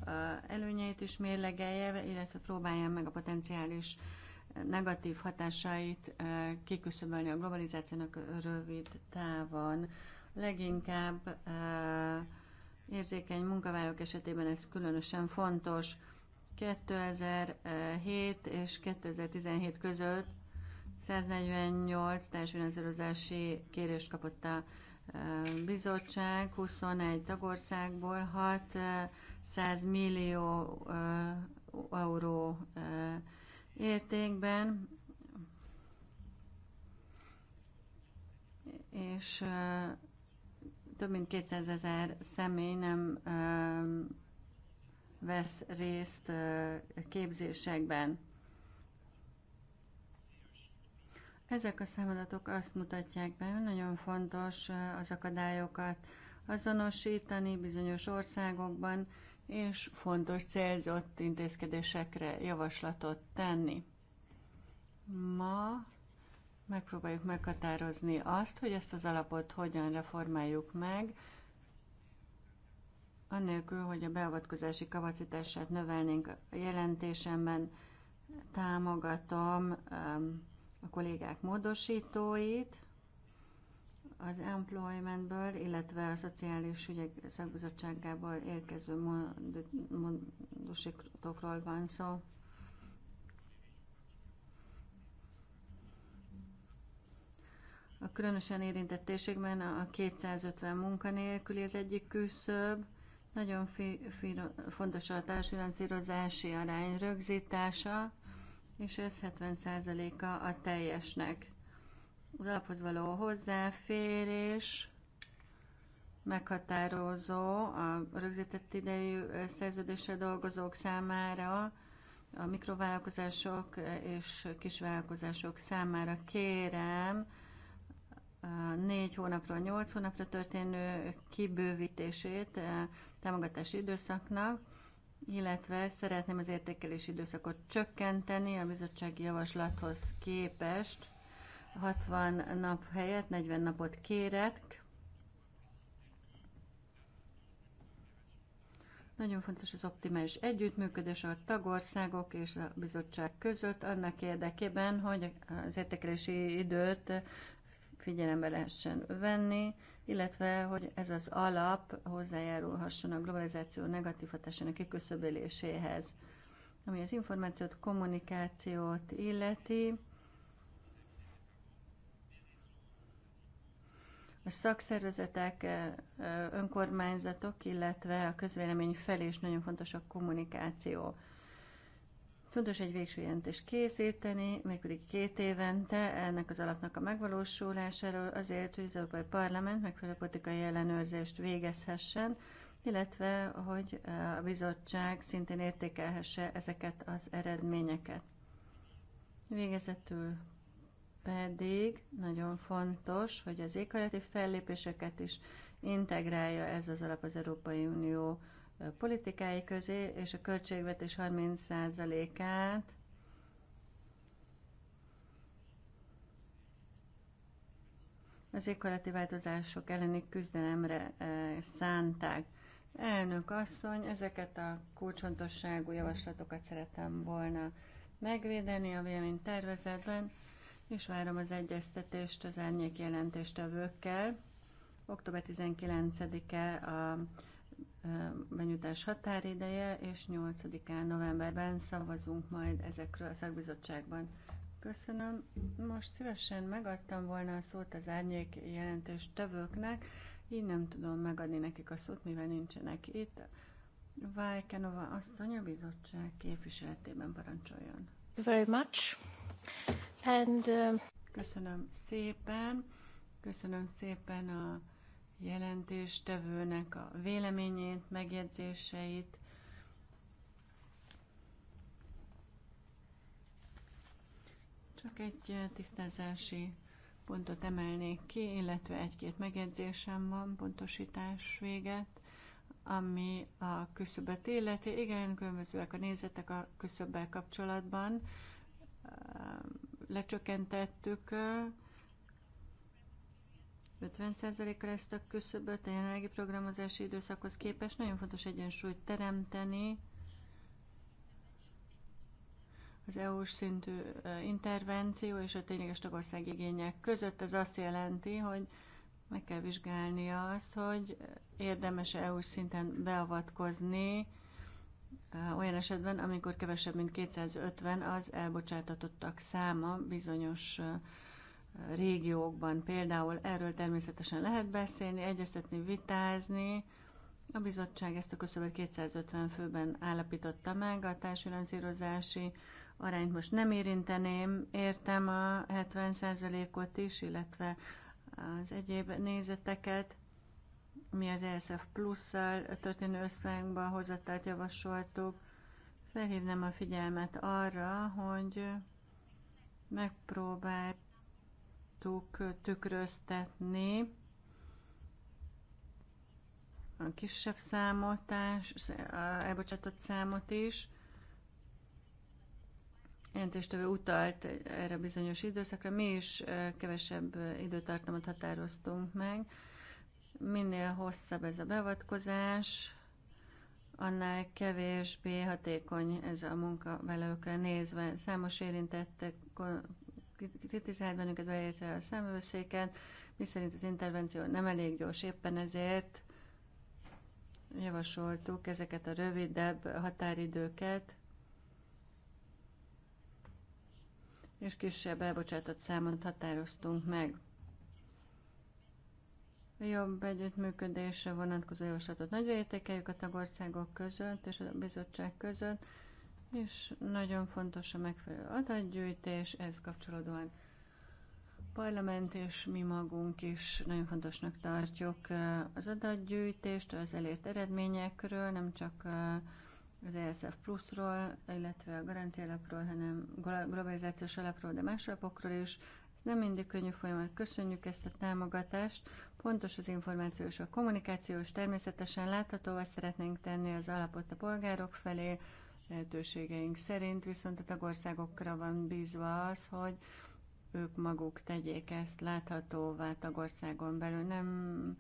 előnyeit is mérlegelje, illetve próbálja meg a potenciális negatív hatásait kiküszöbölni a globalizációnak rövid távon leginkább e, érzékeny munkavállalók esetében ez különösen fontos. 2007 és 2017 között 148 társfinanszírozási kérést kapott a e, bizottság 21 tagországból 600 e, millió euró értékben, és több mint 200 ezer személy nem vesz részt képzésekben. Ezek a számadatok azt mutatják be, hogy nagyon fontos az akadályokat azonosítani bizonyos országokban, és fontos célzott intézkedésekre javaslatot tenni. Ma megpróbáljuk meghatározni azt, hogy ezt az alapot hogyan reformáljuk meg, annélkül, hogy a beavatkozási kapacitását növelnénk. A jelentésemben támogatom um, a kollégák módosítóit az employmentből, illetve a Szociális Ügyek Szakbizottságából érkező módosítókról van szó. A különösen érintett térségben a 250 munkanélküli az egyik küszöb, nagyon fi, fi, fontos a társfinanszírozási arány rögzítása, és ez 70%-a a teljesnek. Az alaphoz való hozzáférés meghatározó a rögzített idejű szerződéssel dolgozók számára, a mikrovállalkozások és kisvállalkozások számára kérem, négy hónapról nyolc hónapra történő kibővítését eh, támogatási időszaknak, illetve szeretném az értékelési időszakot csökkenteni a bizottsági javaslathoz képest. 60 nap helyett 40 napot kérek. Nagyon fontos az optimális együttműködés a tagországok és a bizottság között annak érdekében, hogy az értékelési időt figyelembe lehessen venni, illetve hogy ez az alap hozzájárulhasson a globalizáció negatív hatásának kiküszöböléséhez. Ami az információt, kommunikációt illeti, a szakszervezetek, e, e, önkormányzatok, illetve a közvélemény felé is nagyon fontos a kommunikáció. Fontos egy végső jelentést készíteni, mégpedig két évente ennek az alapnak a megvalósulásáról, azért, hogy az Európai Parlament megfelelő politikai ellenőrzést végezhessen, illetve hogy eh, a bizottság szintén értékelhesse ezeket az eredményeket. Végezetül pedig nagyon fontos, hogy az éghajlati fellépéseket is integrálja ez az alap az Európai Unió politikái közé, és a költségvetés 30%-át az éghajlati változások elleni küzdelemre eh, szánták. Elnök asszony, ezeket a kulcsontosságú javaslatokat szeretem volna megvédeni a vélemény tervezetben, és várom az egyeztetést az árnyék jelentéstevőkkel. Október 19-e a benyújtás határideje, és 8-án novemberben szavazunk majd ezekről a szakbizottságban. Köszönöm. Most szívesen megadtam volna a szót az árnyék jelentős tevőknek, így nem tudom megadni nekik a szót, mivel nincsenek itt. Vájkenova asszony a bizottság képviseletében parancsoljon. Very much. And, uh... Köszönöm szépen. Köszönöm szépen a jelentéstevőnek a véleményét, megjegyzéseit. Csak egy eh, tisztázási pontot emelnék ki, illetve egy-két megjegyzésem van, pontosítás véget, ami a küszöbet illeti. Igen, különbözőek a nézetek a küszöbbel kapcsolatban. Ehm, lecsökkentettük eh, 50%-kal ezt a küszöböt a jelenlegi programozási időszakhoz képest. Nagyon fontos egyensúlyt teremteni az EU-s szintű intervenció és a tényleges tagország igények között. Ez azt jelenti, hogy meg kell vizsgálni azt, hogy érdemes e EU-s szinten beavatkozni olyan esetben, amikor kevesebb, mint 250 az elbocsátottak száma bizonyos régiókban például erről természetesen lehet beszélni, egyeztetni, vitázni. A bizottság ezt a küszöböt 250 főben állapította meg, a társfinanszírozási arányt most nem érinteném, értem a 70%-ot is, illetve az egyéb nézeteket, mi az ESF plusszal történő összvánkba hozatát javasoltuk. Felhívnám a figyelmet arra, hogy megpróbált tudtuk tükröztetni a kisebb számot, elbocsátott számot is. Jelentéstevő utalt erre bizonyos időszakra, mi is kevesebb időtartamot határoztunk meg. Minél hosszabb ez a beavatkozás, annál kevésbé hatékony ez a munkavállalókra nézve. Számos érintett kritizált bennünket, beérte a számvőszéket, mi szerint az intervenció nem elég gyors, éppen ezért javasoltuk ezeket a rövidebb határidőket, és kisebb elbocsátott számot határoztunk meg. A jobb együttműködésre vonatkozó javaslatot nagyra értékeljük a tagországok között és a bizottság között, és nagyon fontos a megfelelő adatgyűjtés, ez kapcsolódóan parlament és mi magunk is nagyon fontosnak tartjuk az adatgyűjtést, az elért eredményekről, nem csak az ESF pluszról, illetve a garanciálapról, hanem globalizációs alapról, de más alapokról is. Ez nem mindig könnyű folyamat. Köszönjük ezt a támogatást. Pontos az információ és a kommunikáció, és természetesen láthatóvá szeretnénk tenni az alapot a polgárok felé, lehetőségeink szerint, viszont a tagországokra van bízva az, hogy ők maguk tegyék ezt láthatóvá tagországon belül. Nem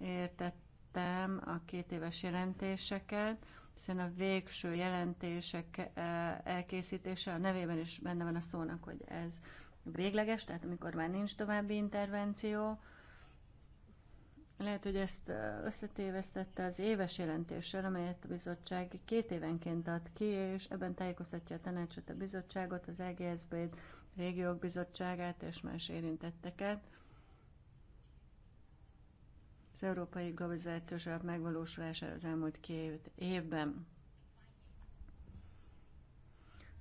értettem a két éves jelentéseket, hiszen a végső jelentések eh, elkészítése a nevében is benne van a szónak, hogy ez végleges, tehát amikor már nincs további intervenció, lehet, hogy ezt összetévesztette az éves jelentéssel, amelyet a bizottság két évenként ad ki, és ebben tájékoztatja a tanácsot, a bizottságot, az EGSB-t, régiók bizottságát és más érintetteket. Az európai globalizációs alap megvalósulására az elmúlt két évben.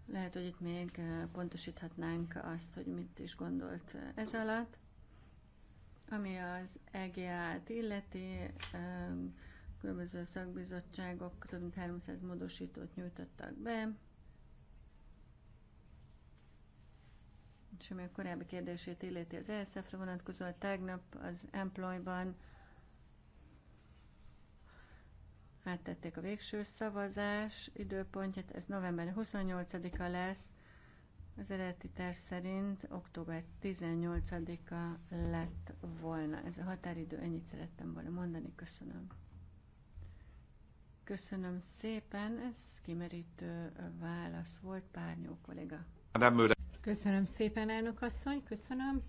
Lehet, hogy itt még pontosíthatnánk azt, hogy mit is gondolt ez alatt. Ami az EGA-t illeti, különböző szakbizottságok több mint 300 módosítót nyújtottak be. És ami a korábbi kérdését illeti az ESF-re vonatkozóan, tegnap az Employ-ban áttették a végső szavazás időpontját, ez november 28-a lesz, az eredeti terv szerint október 18-a lett volna. Ez a határidő, ennyit szerettem volna mondani. Köszönöm. Köszönöm szépen, ez kimerítő válasz volt, párnyó kolléga. Köszönöm szépen, elnök asszony, köszönöm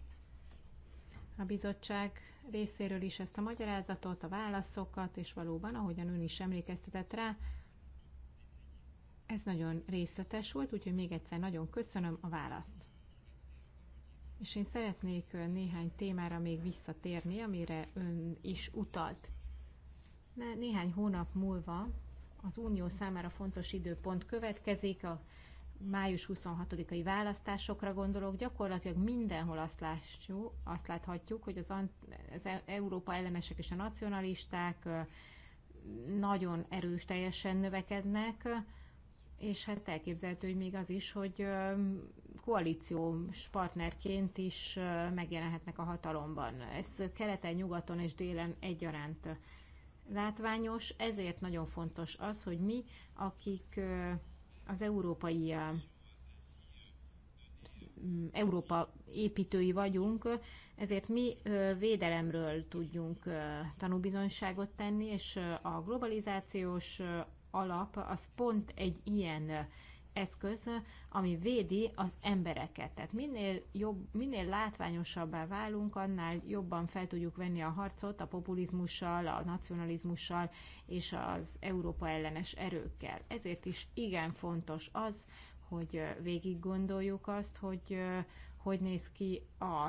a bizottság részéről is ezt a magyarázatot, a válaszokat, és valóban, ahogyan ön is emlékeztetett rá, ez nagyon részletes volt, úgyhogy még egyszer nagyon köszönöm a választ. És én szeretnék néhány témára még visszatérni, amire ön is utalt. Néhány hónap múlva az Unió számára fontos időpont következik, a május 26-ai választásokra gondolok, gyakorlatilag mindenhol azt, látjuk, azt láthatjuk, hogy az, az e, Európa ellenesek és a nacionalisták nagyon erős teljesen növekednek, és hát elképzelhető, hogy még az is, hogy koalíciós partnerként is megjelenhetnek a hatalomban. Ez keleten, nyugaton és délen egyaránt látványos, ezért nagyon fontos az, hogy mi, akik az európai Európa építői vagyunk, ezért mi védelemről tudjunk tanúbizonyságot tenni, és a globalizációs alap az pont egy ilyen eszköz, ami védi az embereket. Tehát minél, jobb, minél látványosabbá válunk, annál jobban fel tudjuk venni a harcot a populizmussal, a nacionalizmussal és az Európa ellenes erőkkel. Ezért is igen fontos az, hogy végig gondoljuk azt, hogy hogy néz ki a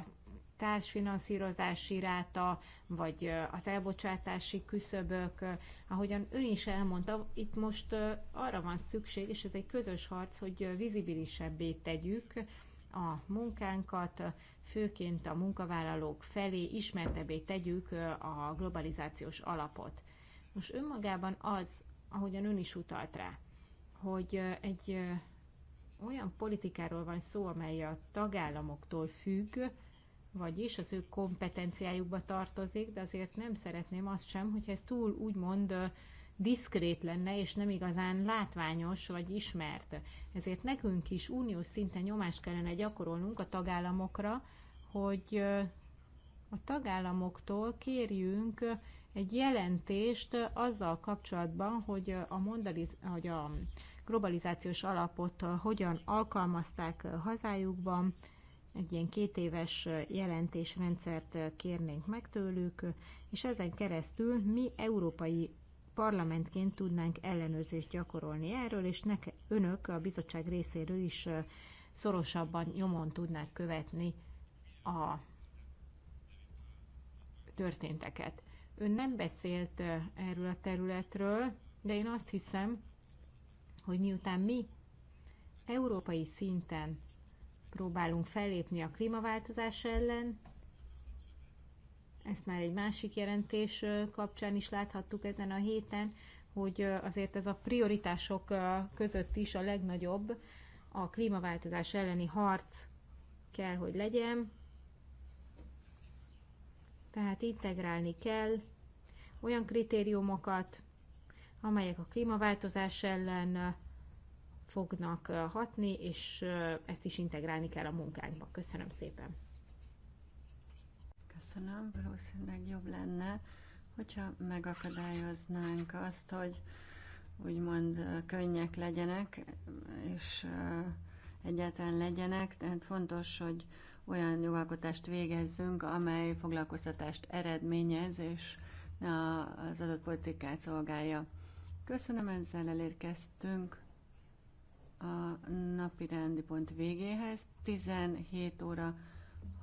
társfinanszírozási ráta, vagy az elbocsátási küszöbök. Ahogyan Ön is elmondta, itt most arra van szükség, és ez egy közös harc, hogy vizibilisebbé tegyük a munkánkat, főként a munkavállalók felé ismertebbé tegyük a globalizációs alapot. Most önmagában az, ahogyan ön is utalt rá, hogy egy olyan politikáról van szó, amely a tagállamoktól függ, vagyis az ő kompetenciájukba tartozik, de azért nem szeretném azt sem, hogy ez túl úgymond diszkrét lenne, és nem igazán látványos vagy ismert. Ezért nekünk is uniós szinten nyomást kellene gyakorolnunk a tagállamokra, hogy a tagállamoktól kérjünk egy jelentést azzal kapcsolatban, hogy a, mondaliz, hogy a globalizációs alapot hogyan alkalmazták hazájukban, egy ilyen két éves jelentésrendszert kérnénk meg tőlük, és ezen keresztül mi európai parlamentként tudnánk ellenőrzést gyakorolni erről, és nek önök a bizottság részéről is szorosabban nyomon tudnák követni a történteket. Ön nem beszélt erről a területről, de én azt hiszem, hogy miután mi európai szinten próbálunk fellépni a klímaváltozás ellen. Ezt már egy másik jelentés kapcsán is láthattuk ezen a héten, hogy azért ez a prioritások között is a legnagyobb a klímaváltozás elleni harc kell, hogy legyen. Tehát integrálni kell olyan kritériumokat, amelyek a klímaváltozás ellen fognak hatni, és ezt is integrálni kell a munkánkba. Köszönöm szépen! Köszönöm, valószínűleg jobb lenne, hogyha megakadályoznánk azt, hogy úgymond könnyek legyenek, és egyáltalán legyenek, tehát fontos, hogy olyan jogalkotást végezzünk, amely foglalkoztatást eredményez, és az adott politikát szolgálja. Köszönöm, ezzel elérkeztünk a napi rendi pont végéhez. 17 óra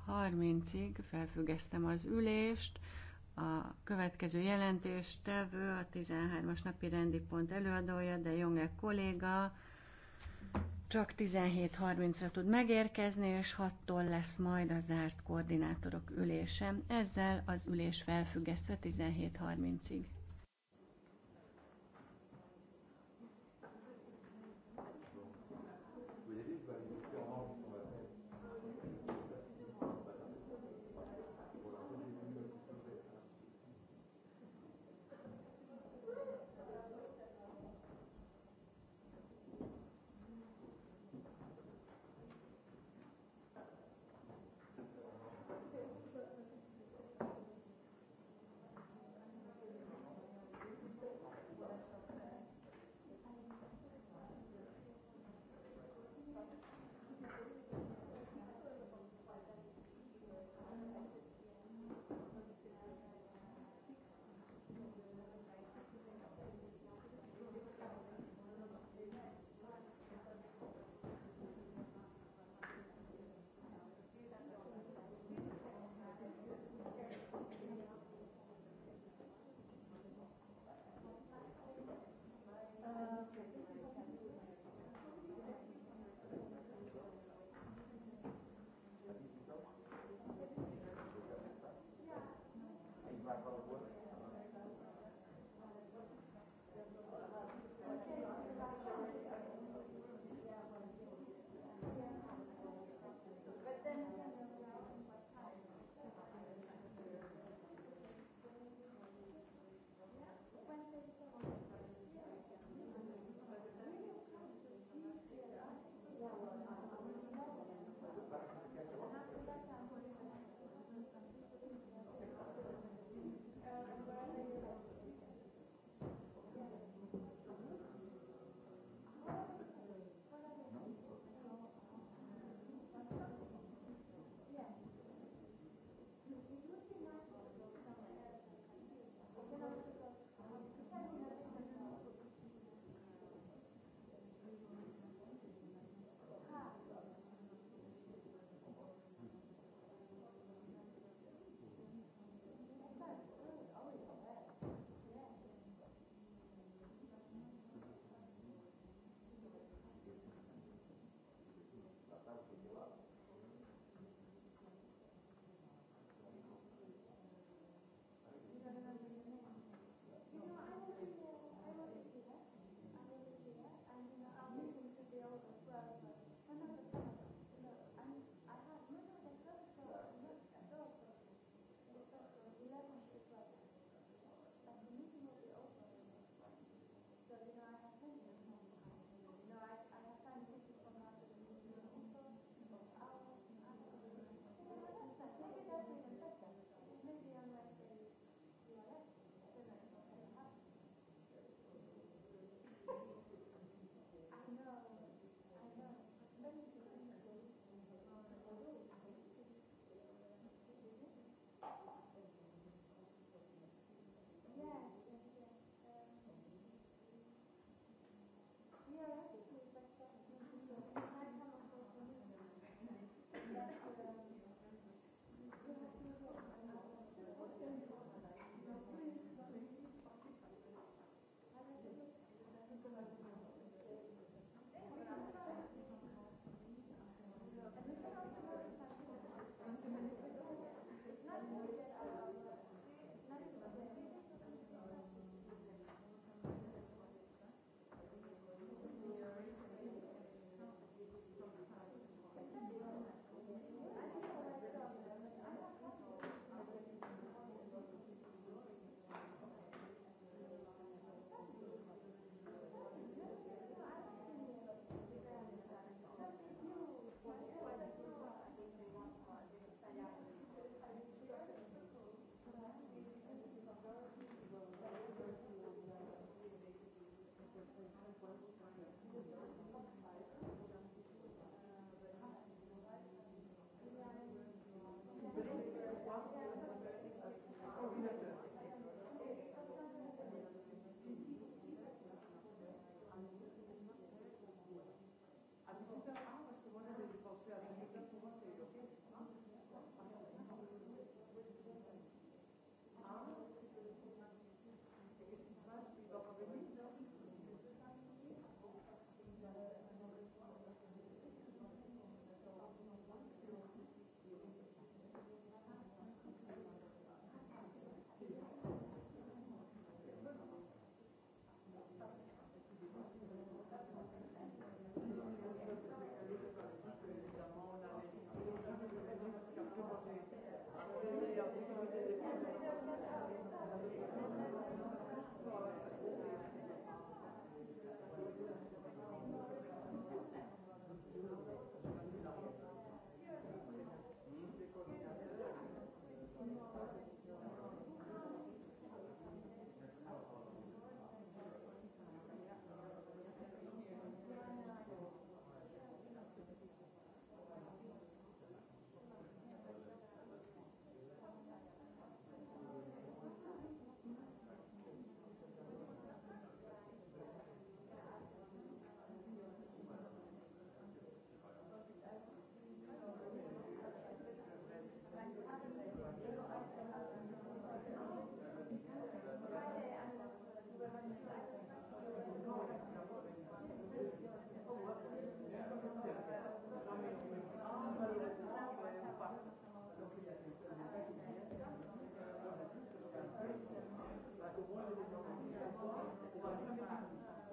30-ig felfüggesztem az ülést. A következő jelentéstevő a 13-as napi rendi pont előadója, de Jonge kolléga csak 17.30-ra tud megérkezni, és 6-tól lesz majd a zárt koordinátorok ülése. Ezzel az ülés felfüggesztve 17.30-ig.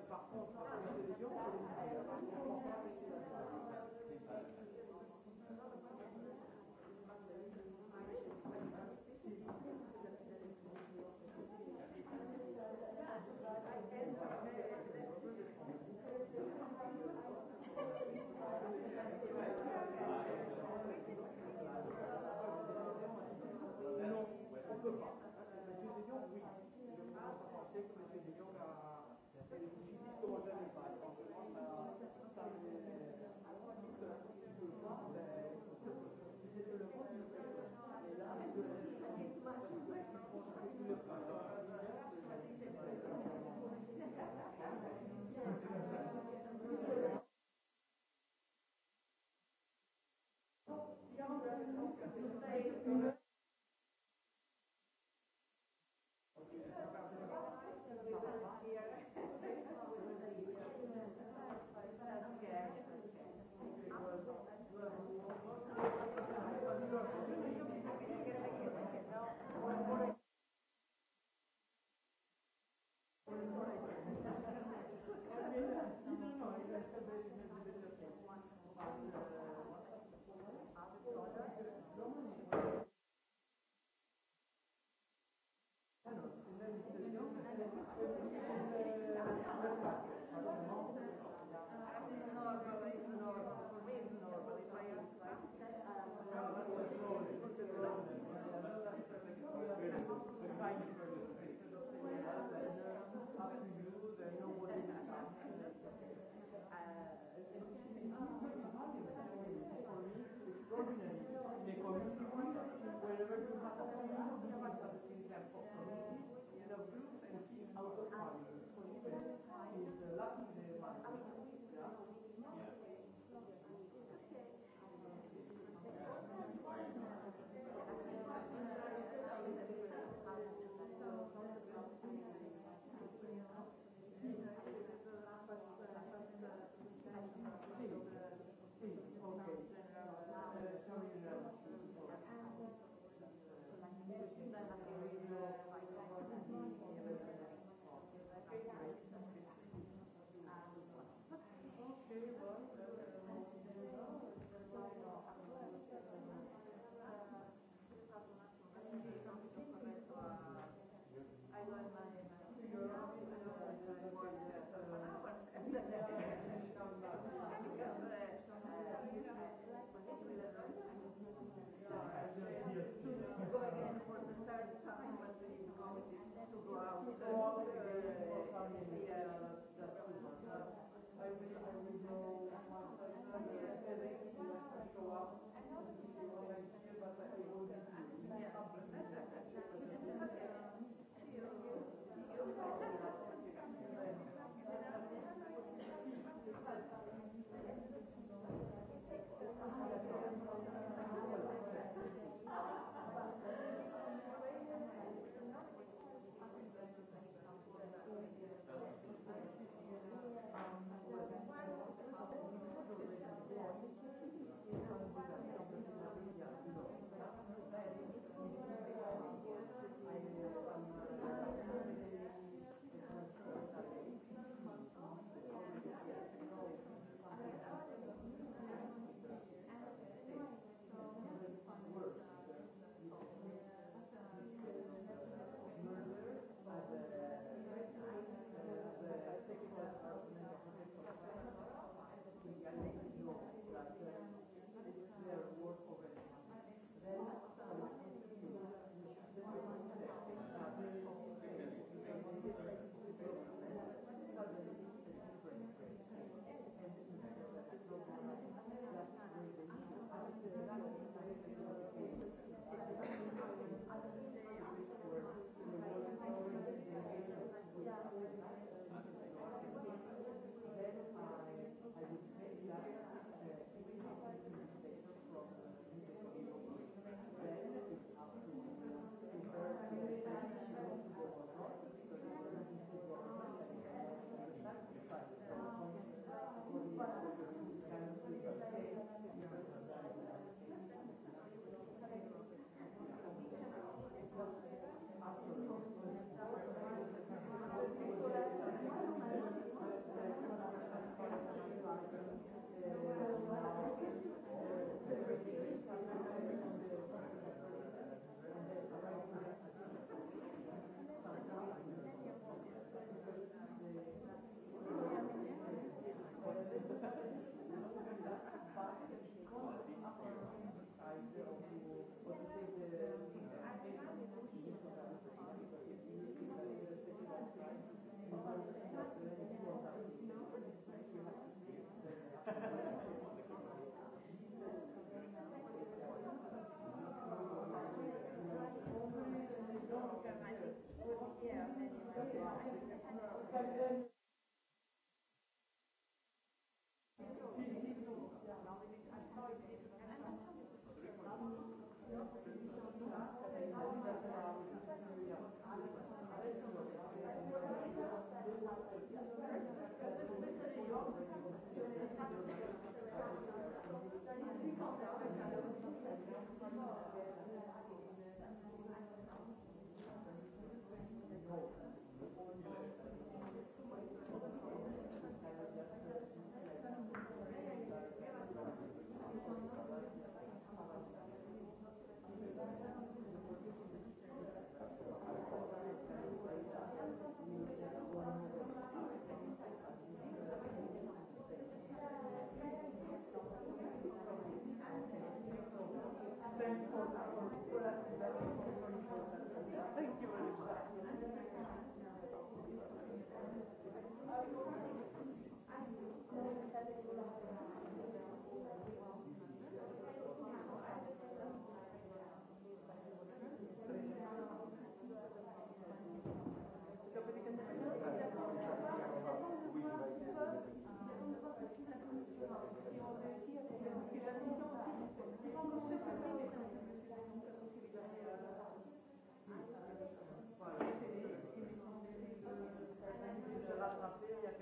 Par contre, Yeah, and, and, and, and, and, and, and, Gracias.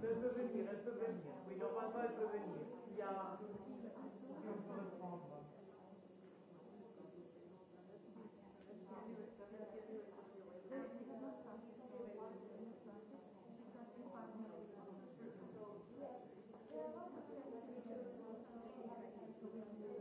Le souvenir, le souvenir. Oui, normalement, le souvenir. Il y a... On peut le prendre. Thank you.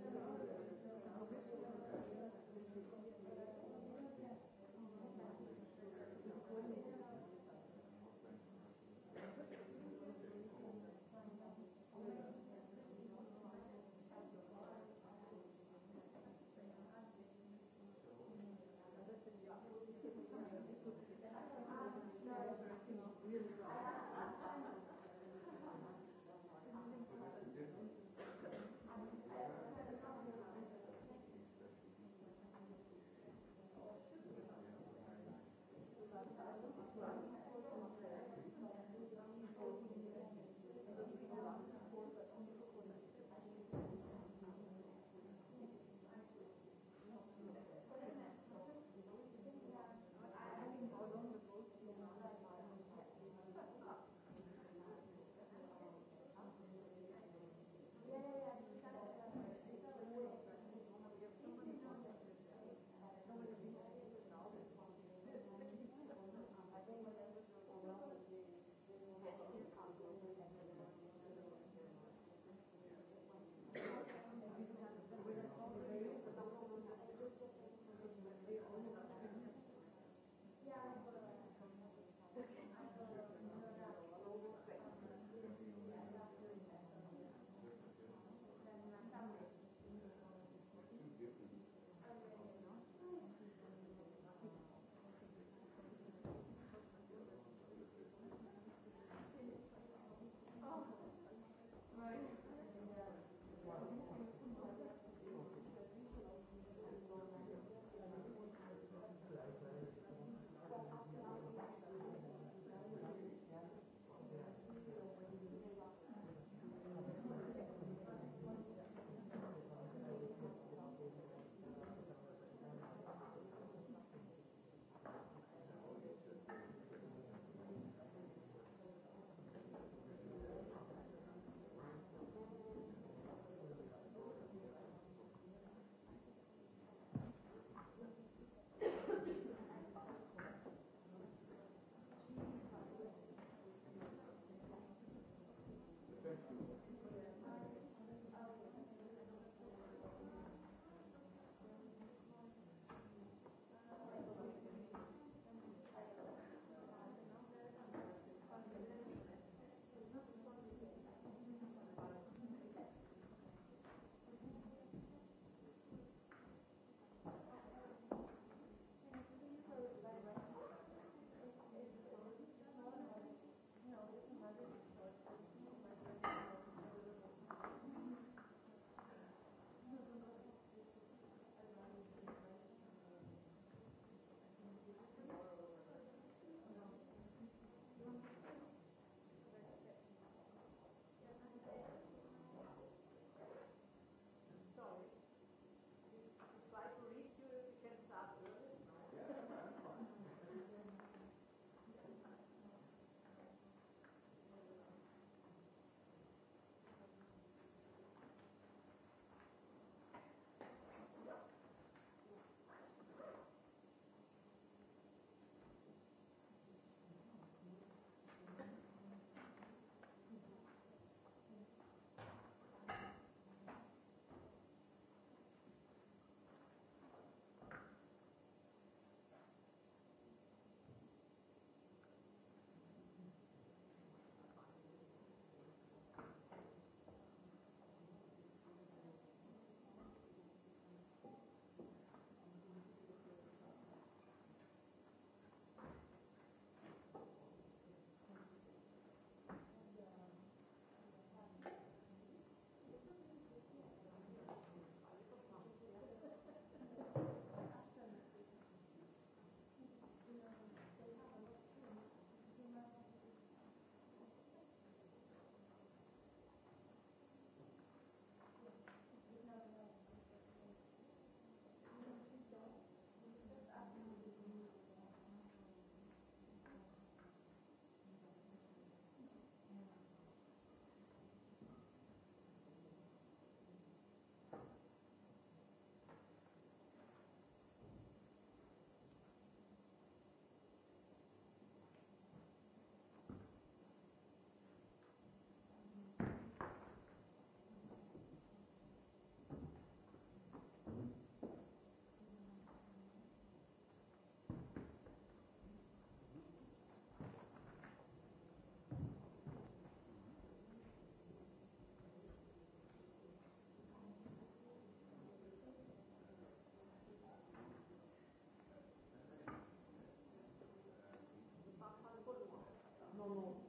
no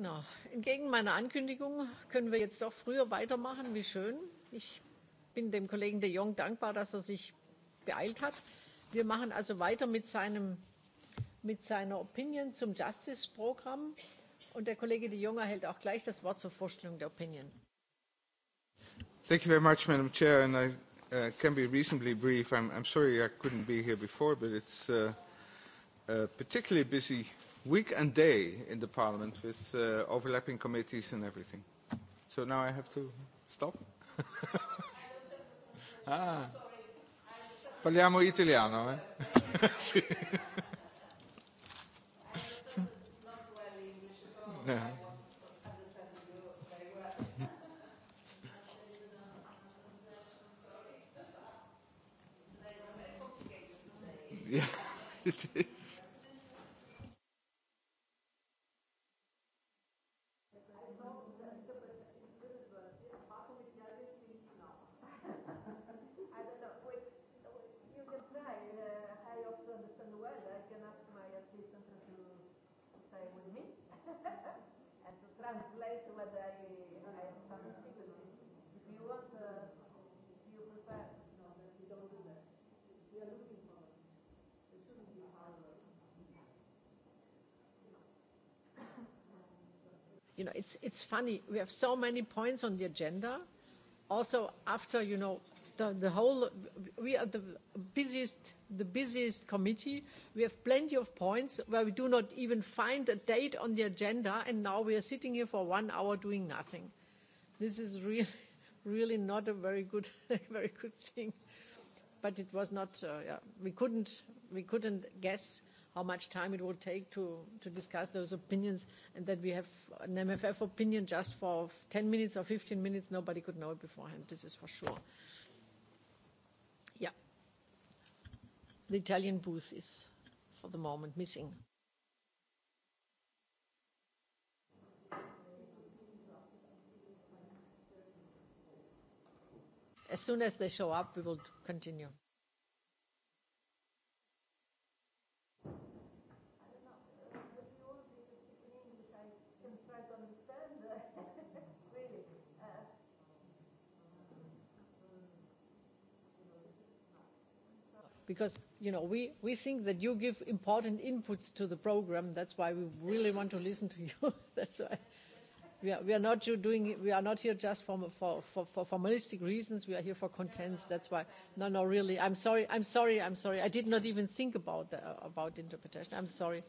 Na, Entgegen meiner Ankündigung können wir jetzt doch früher weitermachen. Wie schön. Ich bin dem Kollegen de Jong dankbar, dass er sich beeilt hat. Wir machen also weiter mit, seinem, mit seiner Opinion zum Justice-Programm. Und der Kollege de Jong erhält auch gleich das Wort zur Vorstellung der Opinion. Thank you very much, Madam Chair, and I uh, can be reasonably brief. I'm, I'm sorry I couldn't be here before, but it's uh, a uh, particularly busy week and day in the parliament with uh, overlapping committees and everything. So now I have to stop. [laughs] ah. Parliamo italiano, eh? [laughs] sì. [laughs] Eh. yeah. yeah, it is. stay with me and to translate I, I have some If you want, uh, if you prefer. No, we don't do that. We are looking for it. It shouldn't be hard work. You know, it's, it's funny. We have so many points on the agenda. Also, after, you know, the, the whole, we are the busiest, the busiest committee. We have plenty of points where we do not even find a date on the agenda, and now we are sitting here for one hour doing nothing. This is really, [laughs] really not a very good, [laughs] very good thing. But it was not, uh, yeah, we couldn't, we couldn't guess how much time it would take to, to discuss those opinions and that we have an MFF opinion just for 10 minutes or 15 minutes. Nobody could know it beforehand, this is for sure. the Italian booth is for the moment missing. As soon as they show up, we will continue. because you know we, we think that you give important inputs to the program. That's why we really want to listen to [laughs] you. That's why we are, we are not doing we are not here just for, for, for, for formalistic reasons. We are here for contents. That's why no no really I'm sorry I'm sorry I'm sorry I did not even think about the, about interpretation. I'm sorry.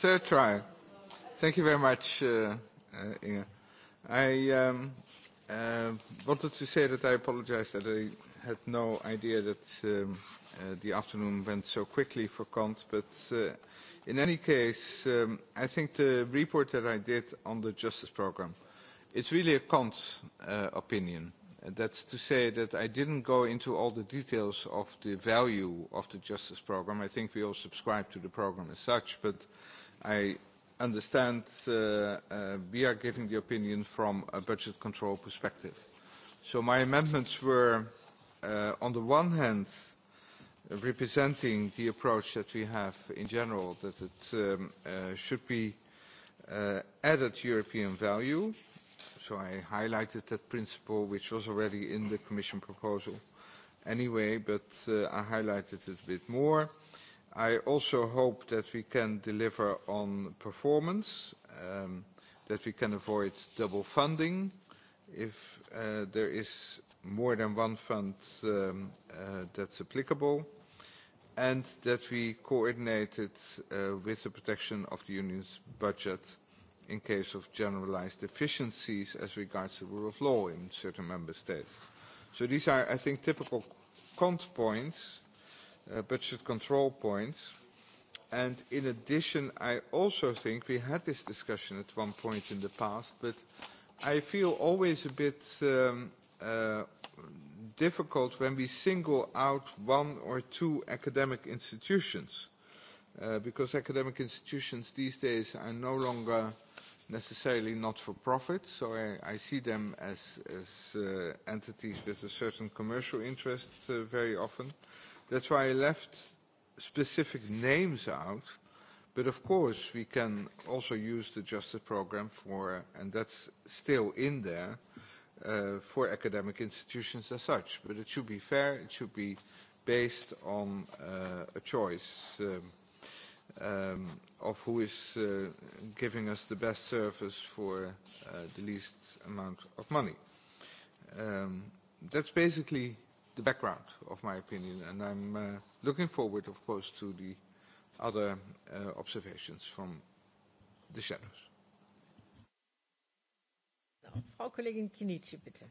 Third try. Thank you very much, uh, uh, Inge. I um, uh, wanted to say that I apologize that I had no idea that um, uh, the afternoon went so quickly for Kant, but uh, in any case, um, I think the report that I did on the justice program, it's really a Kant uh, opinion. And that's to say that I didn't go into all the details of the value of the justice program. I think we all subscribe to the program as such, but I understand uh, uh, we are giving the opinion from a budget control perspective. So my amendments were, uh, on the one hand, representing the approach that we have in general, that it um, uh, should be uh, added European value. So I highlighted that principle, which was already in the Commission proposal anyway, but uh, I highlighted it a bit more. Uh, I also hope that we can deliver on performance, um, that we can avoid double funding. If uh, there is more than one fund um, uh, that's applicable, and that we coordinate it uh, with the protection of the union's budget in case of generalized deficiencies as regards the rule of law in certain member states. So these are, I think, typical cont points Uh, budget control points. And in addition, I also think we had this discussion at one point in the past, but I feel always a bit um, uh, difficult when we single out one or two academic institutions, uh, because academic institutions these days are no longer necessarily not-for-profit, so I, I see them as, as uh, entities with a certain commercial interest uh, very often. That's why I left specific names out. But of course, we can also use the Justice Program for, and that's still in there, uh, for academic institutions as such. But it should be fair, it should be based on uh, a choice um, um, of who is uh, giving us the best service for uh, the least amount of money. Um, that's basically the background of my opinion, and I'm uh, looking forward, of course, to the other uh, observations from the shadows. Frau Kollegin Kinici, bitte.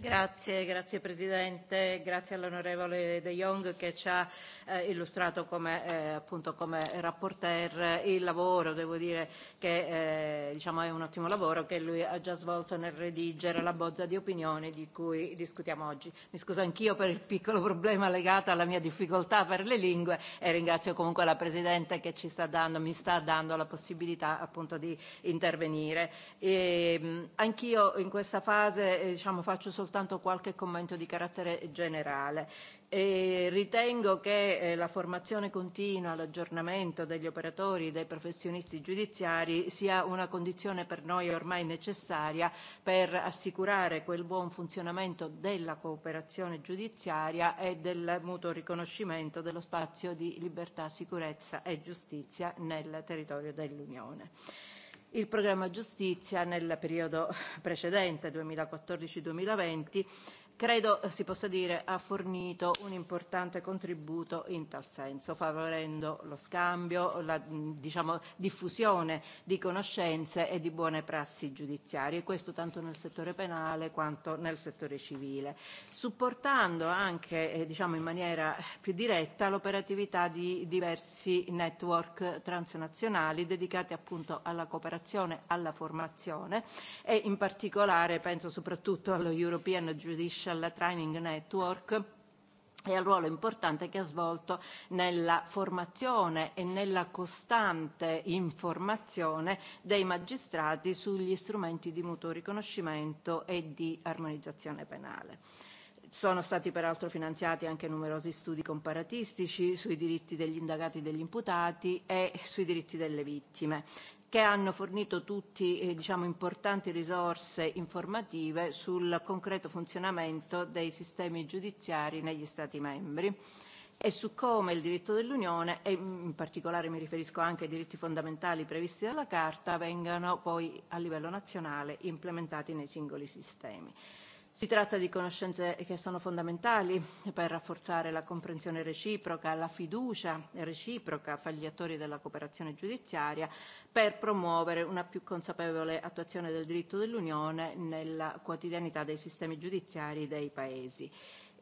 Grazie, grazie Presidente, grazie all'onorevole De Jong che ci ha eh, illustrato come, eh, appunto come rapporter il lavoro, devo dire che eh, diciamo è un ottimo lavoro che lui ha già svolto nel redigere la bozza di opinione di cui discutiamo oggi. Mi scuso anch'io per il piccolo problema legato alla mia difficoltà per le lingue e ringrazio comunque la Presidente che ci sta dando, mi sta dando la possibilità appunto di intervenire. E, anch'io in questa fase eh, diciamo, faccio soltanto soltanto qualche commento di carattere generale. E ritengo che eh, la formazione continua, l'aggiornamento degli operatori, e dei professionisti giudiziari sia una condizione per noi ormai necessaria per assicurare quel buon funzionamento della cooperazione giudiziaria e del mutuo riconoscimento dello spazio di libertà, sicurezza e giustizia nel territorio dell'Unione il programma giustizia nel periodo precedente 2014-2020 credo eh, si possa dire ha fornito un importante contributo in tal senso, favorendo lo scambio, la mm, diciamo, diffusione di conoscenze e di buone prassi giudiziarie, questo tanto nel settore penale quanto nel settore civile, supportando anche eh, diciamo, in maniera più diretta l'operatività di diversi network transnazionali dedicati appunto alla cooperazione, alla formazione e in particolare penso soprattutto allo European Judicial Social Training Network e al ruolo importante che ha svolto nella formazione e nella costante informazione dei magistrati sugli strumenti di mutuo riconoscimento e di armonizzazione penale. Sono stati peraltro finanziati anche numerosi studi comparatistici sui diritti degli indagati e degli imputati e sui diritti delle vittime che hanno fornito tutti eh, diciamo, importanti risorse informative sul concreto funzionamento dei sistemi giudiziari negli Stati membri e su come il diritto dell'Unione, e in particolare mi riferisco anche ai diritti fondamentali previsti dalla Carta, vengano poi a livello nazionale implementati nei singoli sistemi. Si tratta di conoscenze che sono fondamentali per rafforzare la comprensione reciproca, la fiducia reciproca fra gli attori della cooperazione giudiziaria, per promuovere una più consapevole attuazione del diritto dell'Unione nella quotidianità dei sistemi giudiziari dei Paesi.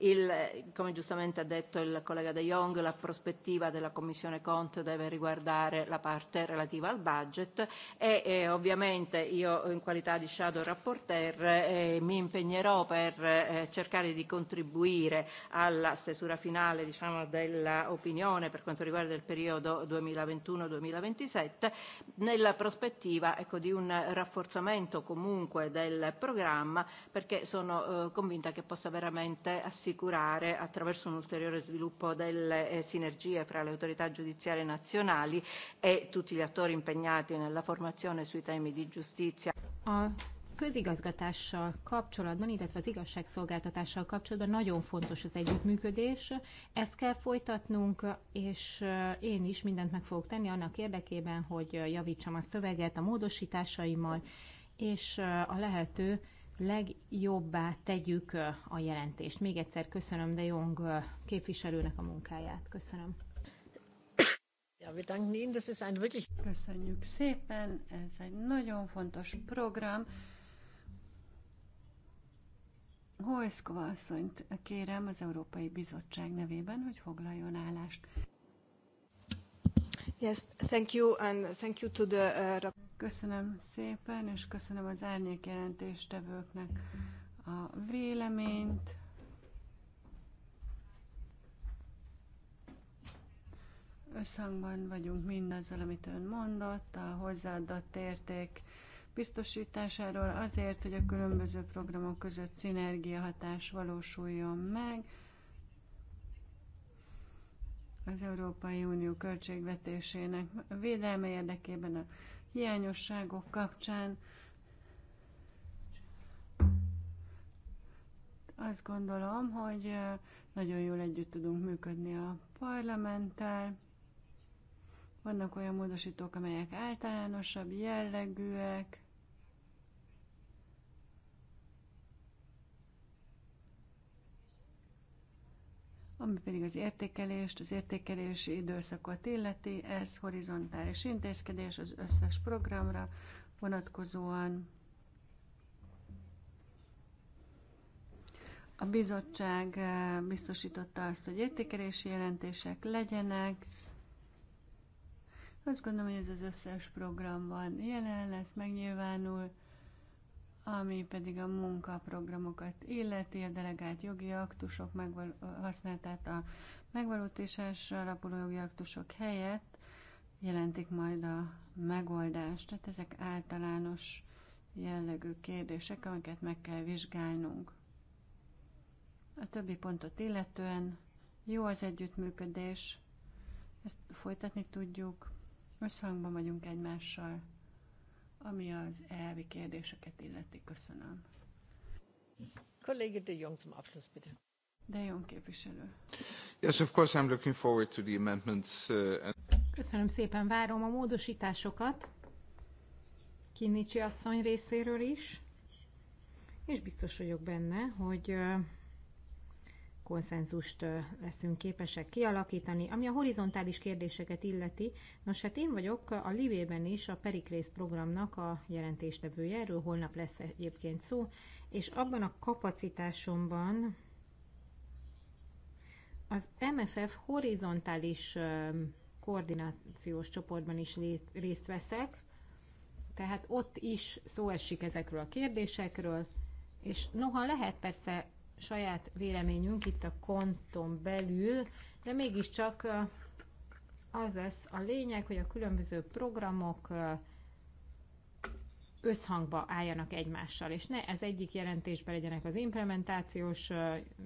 Il, come giustamente ha detto il collega De Jong, la prospettiva della Commissione Conte deve riguardare la parte relativa al budget e eh, ovviamente io in qualità di shadow rapporteur eh, mi impegnerò per eh, cercare di contribuire alla stesura finale diciamo, dell'opinione per quanto riguarda il periodo 2021-2027 nella prospettiva ecco, di un rafforzamento comunque del programma perché sono eh, convinta che possa veramente assicurare assicurare attraverso un ulteriore sviluppo delle eh, sinergie fra le autorità giudiziarie nazionali e tutti gli attori impegnati nella formazione sui temi di giustizia. A közigazgatással kapcsolatban, illetve az igazságszolgáltatással kapcsolatban nagyon fontos az együttműködés. Ezt kell folytatnunk, és eh, én is mindent meg fogok tenni annak érdekében, hogy eh, javítsam a szöveget a módosításaimmal, és a lehető legjobbá tegyük a jelentést. Még egyszer köszönöm De Jong képviselőnek a munkáját. Köszönöm. Ja, Köszönjük szépen, ez egy nagyon fontos program. Holszkova asszonyt kérem az Európai Bizottság nevében, hogy foglaljon állást. Yes, thank you, and thank you to the... Uh, Köszönöm szépen, és köszönöm az árnyék jelentéstevőknek a véleményt. Összhangban vagyunk mindazzal, amit ön mondott, a hozzáadott érték biztosításáról azért, hogy a különböző programok között szinergiahatás valósuljon meg. Az Európai Unió költségvetésének védelme érdekében a hiányosságok kapcsán azt gondolom, hogy nagyon jól együtt tudunk működni a parlamenttel. Vannak olyan módosítók, amelyek általánosabb jellegűek, Ami pedig az értékelést, az értékelési időszakot illeti, ez horizontális intézkedés az összes programra vonatkozóan. A bizottság eh, biztosította azt, hogy értékelési jelentések legyenek. Azt gondolom, hogy ez az összes programban jelen lesz, megnyilvánul ami pedig a munkaprogramokat illeti, a delegált jogi aktusok megval- használatát a megvalósításra alapuló jogi aktusok helyett jelentik majd a megoldást. Tehát ezek általános jellegű kérdések, amiket meg kell vizsgálnunk. A többi pontot illetően jó az együttműködés, ezt folytatni tudjuk, összhangban vagyunk egymással ami az elvi kérdéseket illeti. Köszönöm. Kollége de Jong zum Abschluss, bitte. De Jong képviselő. Yes, of course I'm looking forward to the amendments. Uh, and... Köszönöm szépen, várom a módosításokat. Kinnicsi asszony részéről is. És biztos vagyok benne, hogy uh, konszenzust leszünk képesek kialakítani. Ami a horizontális kérdéseket illeti, nos hát én vagyok a Livében is a Perikrész programnak a jelentéstevője, erről holnap lesz egyébként szó, és abban a kapacitásomban az MFF horizontális koordinációs csoportban is részt veszek, tehát ott is szó esik ezekről a kérdésekről, és noha lehet persze saját véleményünk itt a konton belül, de mégiscsak az lesz a lényeg, hogy a különböző programok összhangba álljanak egymással, és ne ez egyik jelentésben legyenek az implementációs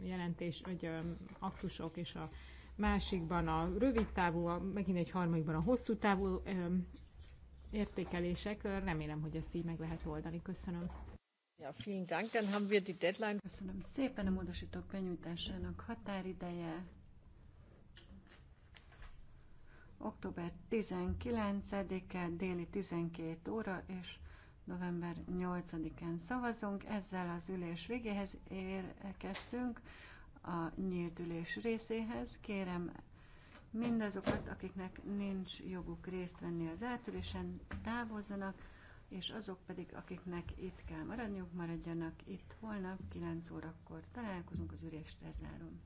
jelentés, vagy aktusok, és a másikban a rövid távú, a, megint egy harmadikban a hosszú távú értékelések. Remélem, hogy ezt így meg lehet oldani. Köszönöm. Ja, vielen Dank. Dann haben wir die Deadline. Köszönöm szépen a módosítók benyújtásának határideje. Október 19-e déli 12 óra és november 8-án szavazunk. Ezzel az ülés végéhez érkeztünk a nyílt ülés részéhez. Kérem mindazokat, akiknek nincs joguk részt venni az átülésen, távozzanak és azok pedig, akiknek itt kell maradniuk, maradjanak itt holnap 9 órakor. Találkozunk az ülést, lezárom.